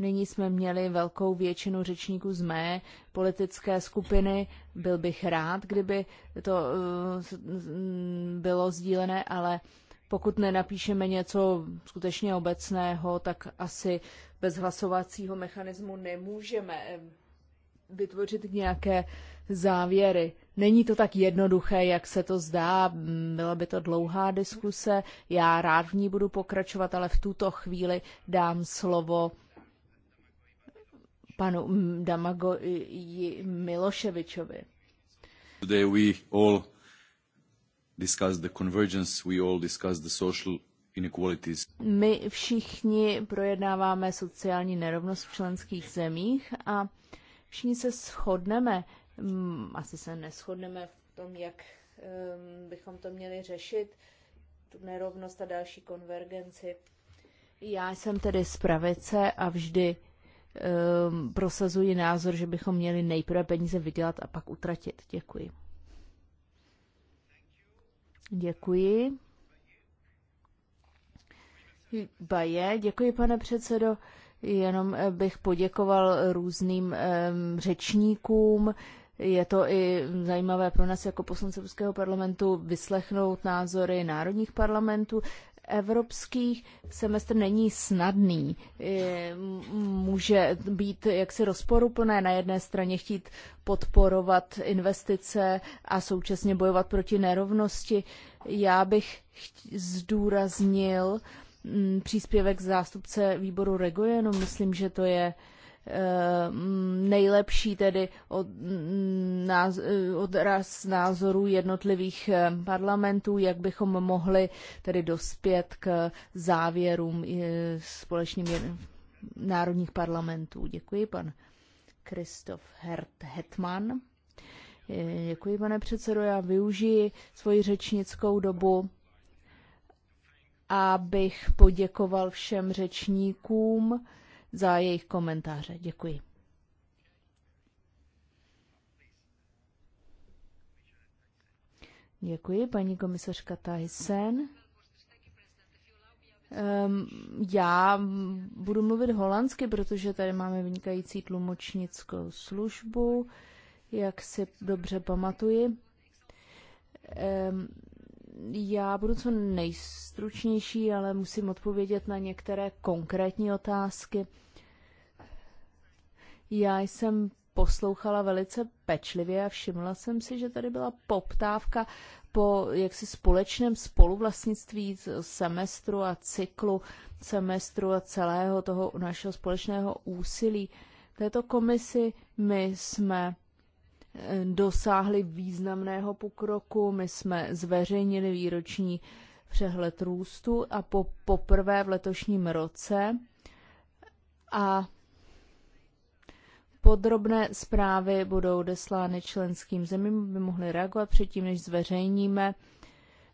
Nyní jsme měli velkou většinu řečníků z mé politické skupiny. Byl bych rád, kdyby to uh, bylo sdílené, ale pokud nenapíšeme něco skutečně obecného, tak asi bez hlasovacího mechanismu nemůžeme eh, vytvořit nějaké závěry. Není to tak jednoduché, jak se to zdá, byla by to dlouhá diskuse, já rád v ní budu pokračovat, ale v tuto chvíli dám slovo panu mm, Damago Miloševičovi. Today we all discussed the convergence, we all discussed the social inequalities. My všichni projednáváme sociální nerovnost v členských zemích a všichni se shodneme, mm, asi se neschodneme v tom, jak bychom to měli řešit, tu nerovnost a další konvergenci. Já jsem tedy z pravice a vždy um, prosazuji názor, že bychom měli nejprve peníze vydělat a pak utratit. Děkuji. Děkuji. Baje, děkuji pane předsedo. Jenom eh, bych poděkoval eh, různým um, řečníkům. Je to i zajímavé pro nás jako poslance Ruského parlamentu vyslechnout názory národních parlamentů. Evropský semestr není snadný. Může být jaksi rozporuplné na jedné straně chtít podporovat investice a současně bojovat proti nerovnosti. Já bych zdůraznil příspěvek zástupce výboru Regoje, no myslím, že to je Eh, nejlepší tedy od, mm, náz, eh, odraz názorů jednotlivých eh, parlamentů, jak bychom mohli tedy dospět k závěrům společným národních parlamentů. Děkuji, pan Kristof Hetman. Děkuji, pane předsedo. Já využiji svoji řečnickou dobu, abych poděkoval všem řečníkům za jejich komentáře. Děkuji. Děkuji, paní komisařka Tyson. Um, já budu mluvit holandsky, protože tady máme vynikající tlumočnickou službu, jak si dobře pamatuji. Um, já budu co nejstručnější, ale musím odpovědět na některé konkrétní otázky. Já jsem poslouchala velice pečlivě a všimla jsem si, že tady byla poptávka po jaksi společném spoluvlastnictví semestru a cyklu semestru a celého toho našeho společného úsilí. Této komisi my jsme dosáhli významného pokroku. My jsme zveřejnili výroční přehled růstu a po, poprvé v letošním roce a podrobné zprávy budou odeslány členským zemím, by mohly reagovat předtím, než zveřejníme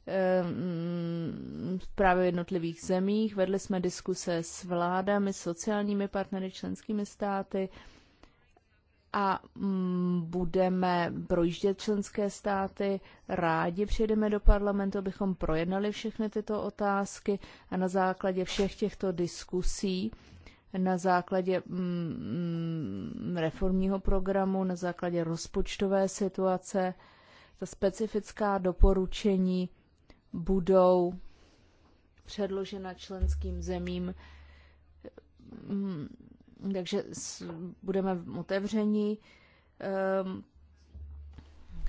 ehm, zprávy v jednotlivých zemích. Vedli jsme diskuse s vládami, sociálními partnery, členskými státy, a mm, budeme projíždět členské státy. Rádi přijdeme do parlamentu, abychom projednali všechny tyto otázky a na základě všech těchto diskusí, na základě mm, reformního programu, na základě rozpočtové situace, ta specifická doporučení budou předložena členským zemím mm, takže budeme otevření ehm,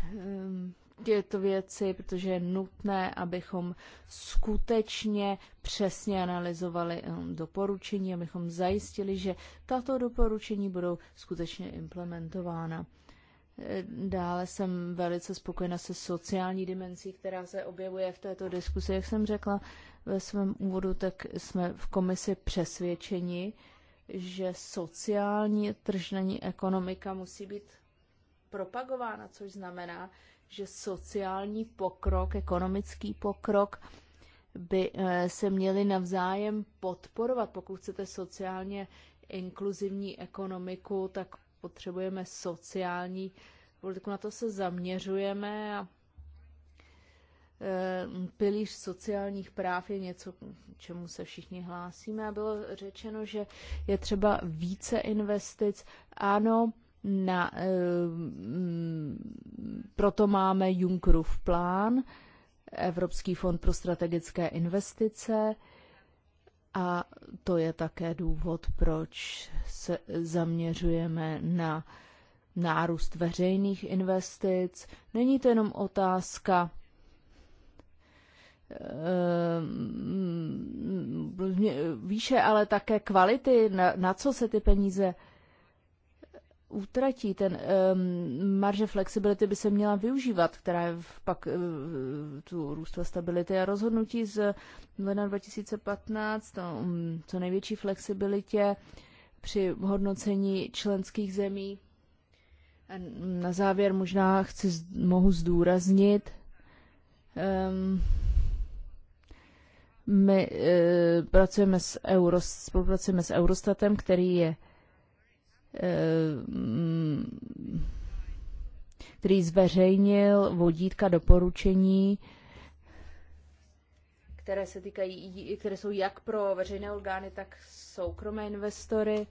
ehm, tyto věci, protože je nutné, abychom skutečně přesně analyzovali ehm, doporučení, abychom zajistili, že tato doporučení budou skutečně implementována. Eh, dále jsem velice spokojena se sociální dimenzí, která se objevuje v této diskusi. Jak jsem řekla ve svém úvodu, tak jsme v komisi přesvědčeni, že sociální tržní ekonomika musí být propagována, což znamená, že sociální pokrok, ekonomický pokrok by eh, se měly navzájem podporovat. Pokud chcete sociálně inkluzivní ekonomiku, tak potřebujeme sociální politiku. Na to se zaměřujeme a Eh, pilíř sociálních práv je něco, čemu se všichni hlásíme a bylo řečeno, že je třeba více investic. Ano, na, eh, proto máme Junckerův plán, Evropský fond pro strategické investice a to je také důvod, proč se zaměřujeme na nárůst veřejných investic. Není to jenom otázka Ehm, výše, ale také kvality, na, na co se ty peníze utratí. Ten um, marže flexibility by se měla využívat, která je v pak uh, tu růstu a stability a rozhodnutí z ledna 2015 to, um, co největší flexibilitě při hodnocení členských zemí. A na závěr možná chci, mohu zdůraznit, um, my e, pracujeme s Euro, spolupracujeme s Eurostatem, který je e, mm, který zveřejnil vodítka doporučení, které se týkají, které jsou jak pro veřejné orgány, tak soukromé investory.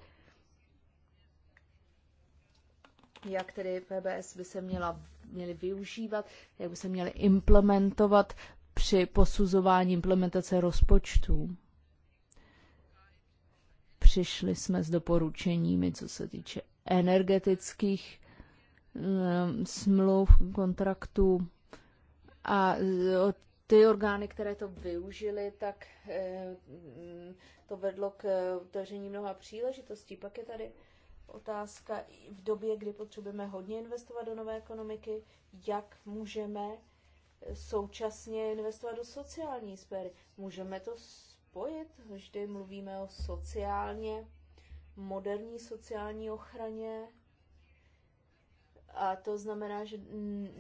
Jak tedy PBS by se měla měly využívat, jak by se měly implementovat při posuzování implementace rozpočtů. Přišli jsme s doporučeními, co se týče energetických ehm, smluv, kontraktů a ty orgány, které to využily, tak ehm, to vedlo k utažení eh, mnoha příležitostí. Pak je tady otázka v době, kdy potřebujeme hodně investovat do nové ekonomiky, jak můžeme současně investovat do sociální sféry. Můžeme to spojit, vždy mluvíme o sociálně, moderní sociální ochraně. A to znamená, že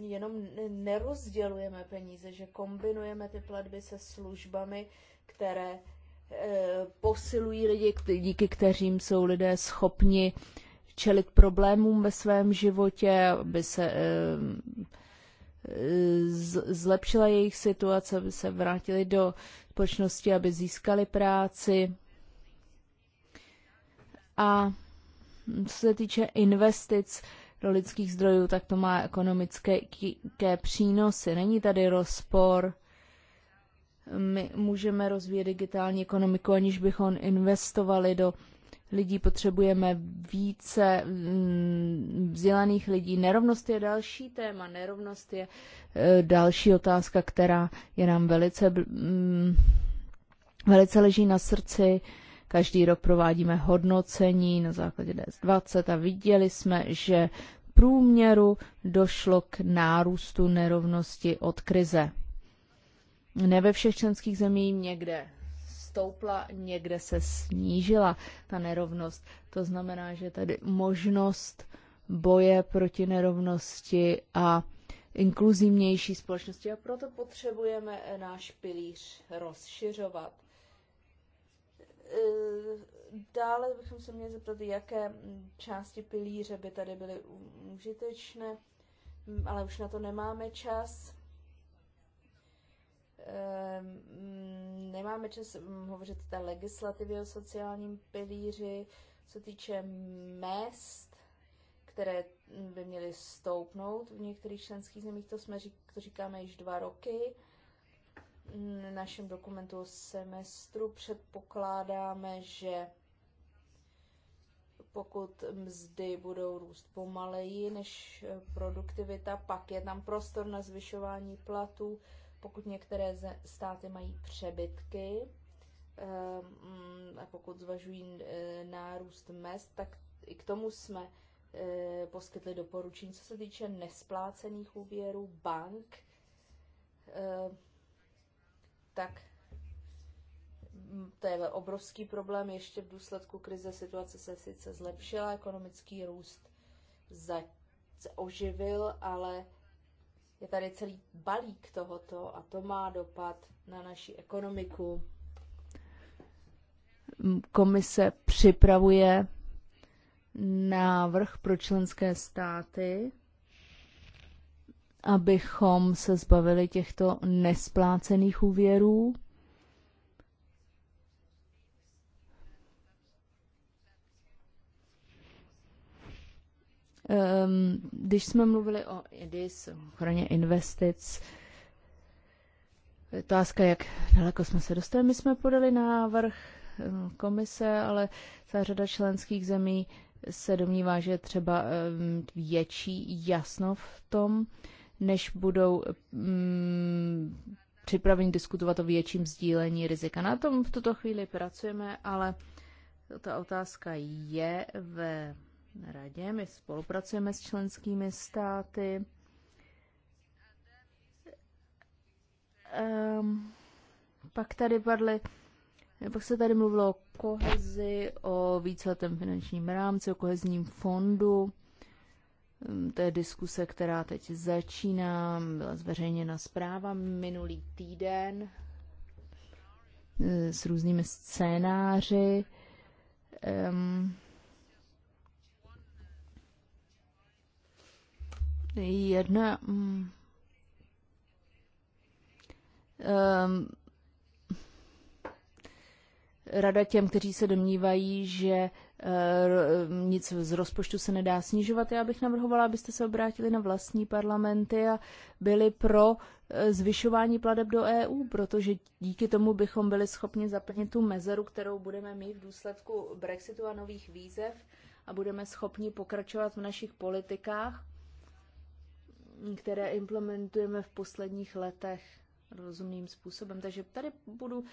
jenom nerozdělujeme peníze, že kombinujeme ty platby se službami, které e, posilují lidi, díky kterým jsou lidé schopni čelit problémům ve svém životě, aby se e, zlepšila jejich situace, aby se vrátili do společnosti, aby získali práci. A co se týče investic do lidských zdrojů, tak to má ekonomické přínosy. Není tady rozpor. My můžeme rozvíjet digitální ekonomiku, aniž bychom investovali do lidí, potřebujeme více mm, vzdělaných lidí. Nerovnost je další téma, nerovnost je eh, další otázka, která je nám velice, mm, velice leží na srdci. Každý rok provádíme hodnocení na základě DS20 a viděli jsme, že průměru došlo k nárůstu nerovnosti od krize. Ne ve všech členských zemích někde stoupla, někde se snížila ta nerovnost. To znamená, že tady možnost boje proti nerovnosti a inkluzivnější společnosti a proto potřebujeme náš pilíř rozšiřovat. E, dále bychom se měli zeptat, jaké části pilíře by tady byly užitečné, ale už na to nemáme čas. Ehm, mm, nemáme čas hovořit o té legislativě o sociálním pilíři, co týče mest, které by měly stoupnout v některých členských zemích, to, jsme, to říkáme již dva roky. V našem dokumentu semestru předpokládáme, že pokud mzdy budou růst pomaleji než produktivita, pak je tam prostor na zvyšování platů pokud některé státy mají přebytky, ehm, a pokud zvažují e, nárůst mest, tak i k tomu jsme e, poskytli doporučení, co se týče nesplácených úvěrů bank, ehm, tak to je obrovský problém. Ještě v důsledku krize situace se sice zlepšila, ekonomický růst za, se oživil, ale je tady celý balík tohoto a to má dopad na naši ekonomiku. Komise připravuje návrh pro členské státy, abychom se zbavili těchto nesplácených úvěrů. Ehm, když jsme mluvili o IDIS, ochraně investic, otázka, jak daleko jsme se dostali. My jsme podali návrh ehm, komise, ale celá řada členských zemí se domnívá, že třeba ehm, větší jasno v tom, než budou mm, připraveni diskutovat o větším sdílení rizika. Na tom v tuto chvíli pracujeme, ale ta otázka je ve radě. My spolupracujeme s členskými státy. Um, pak tady padly, pak se tady mluvilo o kohezi, o víceletém finančním rámci, o kohezním fondu. Ehm, to je diskuse, která teď začíná. Byla zveřejněna zpráva minulý týden ehm, s různými scénáři. Um, Jedna... Um, rada těm, kteří se domnívají, že eh, ehm, nic z rozpočtu se nedá snižovat. Já bych navrhovala, abyste se obrátili na vlastní parlamenty a byli pro eh, zvyšování pladeb do EU, protože díky tomu bychom byli schopni zaplnit tu mezeru, kterou budeme mít v důsledku Brexitu a nových výzev a budeme schopni pokračovat v našich politikách které implementujeme v posledních letech rozumným způsobem. Takže tady budu,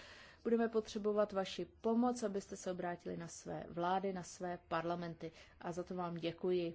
budeme potřebovat vaši pomoc, abyste se obrátili na své vlády, na své parlamenty. A za to vám děkuji.